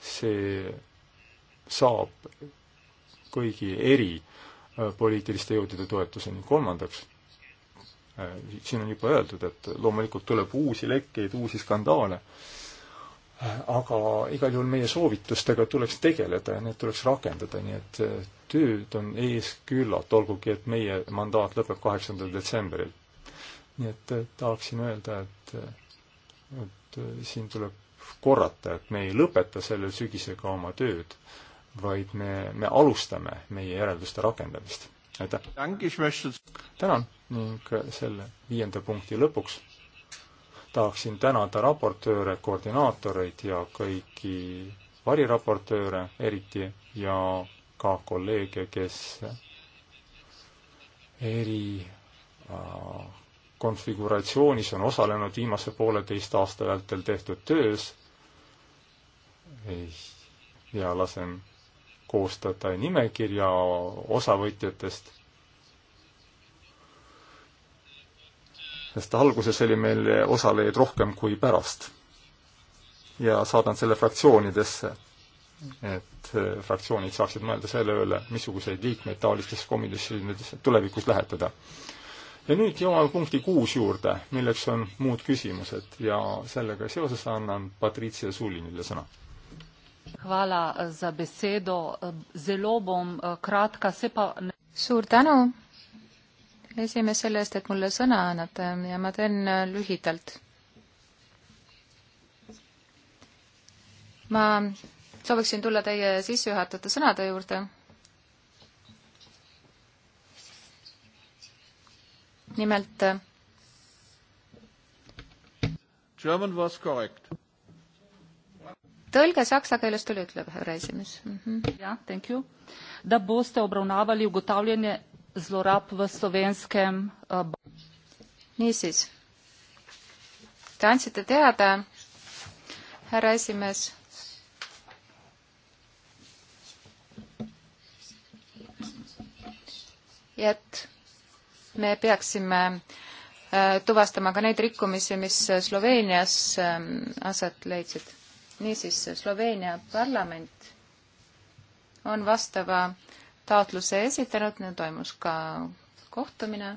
see saab kõigi eri äh, poliitiliste jõudude toetuse ning kolmandaks, äh, siin on juba öeldud, et loomulikult tuleb uusi lekkeid, uusi skandaale aga igal juhul meie soovitustega tuleks tegeleda ja need tuleks rakendada, nii et äh, tööd on ees küllalt, olgugi et meie mandaat lõpeb kaheksandal detsembril. nii et äh, tahaksin öelda, et, äh, et siin tuleb korrata, et me ei lõpeta sellel sügisega oma tööd, vaid me, me alustame meie järelduste rakendamist. aitäh! tänan ning selle viienda punkti lõpuks tahaksin tänada raportööre, koordinaatoreid ja kõiki variraportööre eriti ja ka kolleege, kes eri äh, konfiguratsioonis on osalenud viimase pooleteist aasta vältel tehtud töös ja lasen koostada nimekirja osavõtjatest sest alguses oli meil osalejaid rohkem kui pärast. ja saadan selle fraktsioonidesse, et äh, fraktsioonid saaksid mõelda selle üle, missuguseid liikmeid taolistesse komisjonidesse tulevikus lähetada. ja nüüd jõuame punkti kuus juurde, milleks on muud küsimused ja sellega seoses annan Patricia Sulinile sõna. Hvala za besedo, zelo bom äh, kratka, se pa suur tänu esimees, selle eest, et mulle sõna annate ja ma teen lühidalt. ma sooviksin tulla teie sissejuhatajate sõnade juurde. nimelt. German was correct tõlge saksa keeles tuli, ütleb härra esimees mm. -hmm. jah, thank you. da boste obravnavali ugotavljanje zlorab v slovenskem eh, niisiis, te andsite teada, härra esimees, et me peaksime eh, tuvastama ka neid rikkumisi, mis Sloveenias eh, aset leidsid. niisiis, Sloveenia parlament on vastava äh, taotluse esitanud, toimus ka kohtumine.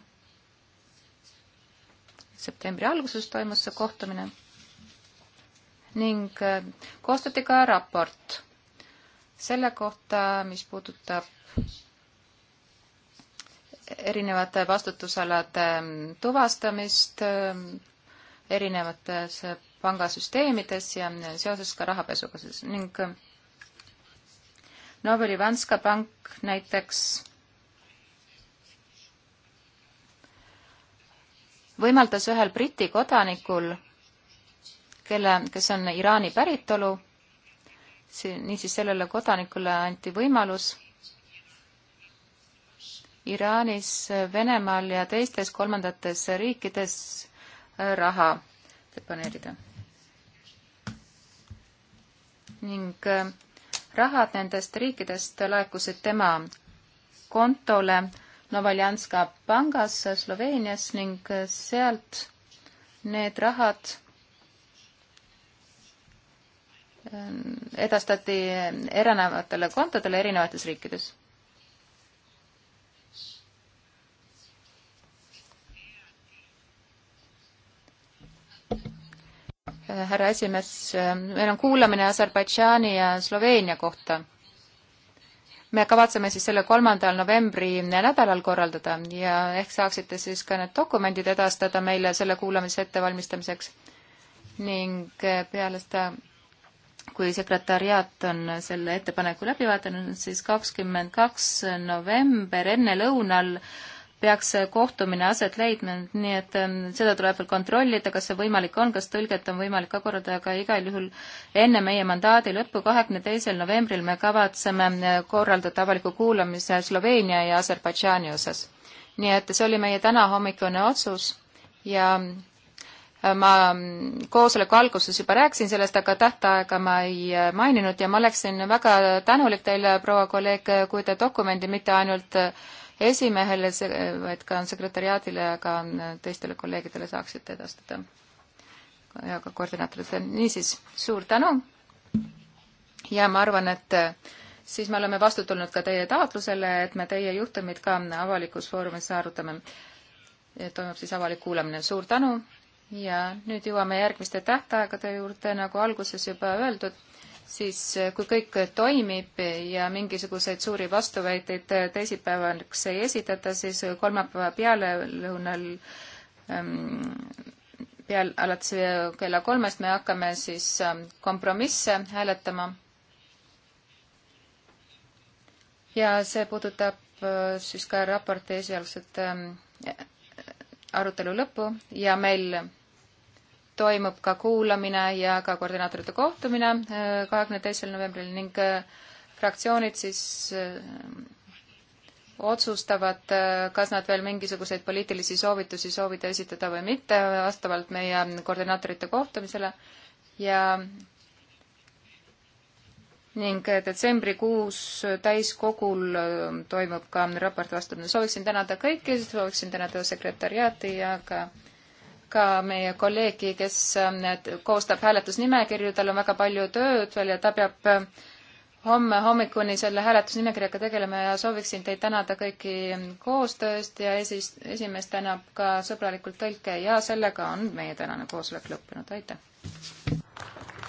septembri alguses toimus see kohtumine ning äh, koostati ka raport selle kohta, mis puudutab erinevate vastutusalade ähm, tuvastamist ähm, erinevates äh, pangasüsteemides ja äh, seoses ka rahapesuga siis ning Noveli Vanska pank näiteks võimaldas ühel Briti kodanikul, kelle, kes on Iraani päritolu, niisiis sellele kodanikule anti võimalus Iraanis, Venemaal ja teistes kolmandates riikides äh, raha deponeerida. ning äh, rahad nendest riikidest laekusid tema kontole Novoljanska pangas Sloveenias ning sealt need rahad ehm, edastati erinevatele kontodele erinevates riikides härra esimees, meil on kuulamine Aserbaidžaani ja Sloveenia kohta. me kavatseme siis selle kolmandal novembri nädalal korraldada ja ehk saaksite siis ka need dokumendid edastada meile selle kuulamise ettevalmistamiseks ning peale seda, kui sekretariaat on selle ettepaneku läbi vaadanud, siis kakskümmend kaks november enne lõunal äh, peaks see kohtumine aset leidma, nii et ähm, seda tuleb veel kontrollida, kas see võimalik on, kas tõlget on võimalik ka korraldada, aga igal juhul enne meie mandaadi lõppu, kahekümne teisel novembril me kavatseme äh, korraldada avaliku kuulamise Sloveenia ja Aserbaidžaani osas. nii et see oli meie tänahommikune otsus ja äh, ma mm, koosoleku alguses juba rääkisin sellest, aga tähtaega ma ei äh, maininud ja ma oleksin väga tänulik teile, proua kolleeg, kui te dokumendi mitte ainult äh, esimehele, vaid ka sekretäriaadile ja ka teistele kolleegidele saaksite edastada. ja ka koordinaatoritele. niisiis, suur tänu. ja ma arvan, et eh, siis me oleme vastu tulnud ka teie taotlusele, et me teie juhtumit ka avalikus foorumis arutame. toimub siis avalik kuulamine. suur tänu ja nüüd jõuame järgmiste tähtaegade juurde, nagu alguses juba öeldud siis eh, kui kõik toimib ja mingisuguseid suuri vastuväiteid eh, teisipäevaks ei esitata, siis eh, kolmapäeva pealelõunal ehm, peal, alates kella kolmest me hakkame siis kompromisse hääletama. ja see puudutab siis ka raporti esialgset ehm, arutelu lõppu ja meil toimub ka kuulamine ja ka koordinaatorite kohtumine äh, kahekümne teisel novembril ning äh, fraktsioonid siis äh, otsustavad, kas nad veel mingisuguseid poliitilisi soovitusi soovida esitada või mitte, vastavalt meie koordinaatorite kohtumisele ja ning detsembrikuus täiskogul toimub ka raport vastamine. sooviksin tänada kõiki, sooviksin tänada sekretäriaati ja ka äh, ka meie kolleegi, kes ähm, koostab hääletusnimekirju, tal on väga palju tööd veel ja ta peab ähm, homme hommikuni selle hääletusnimekirjaga tegelema ja sooviksin teid tänada kõiki ähm, koostööst ja esis-, esimees tänab ka sõbralikult tõlke ja sellega on meie tänane koosolek lõppenud, aitäh!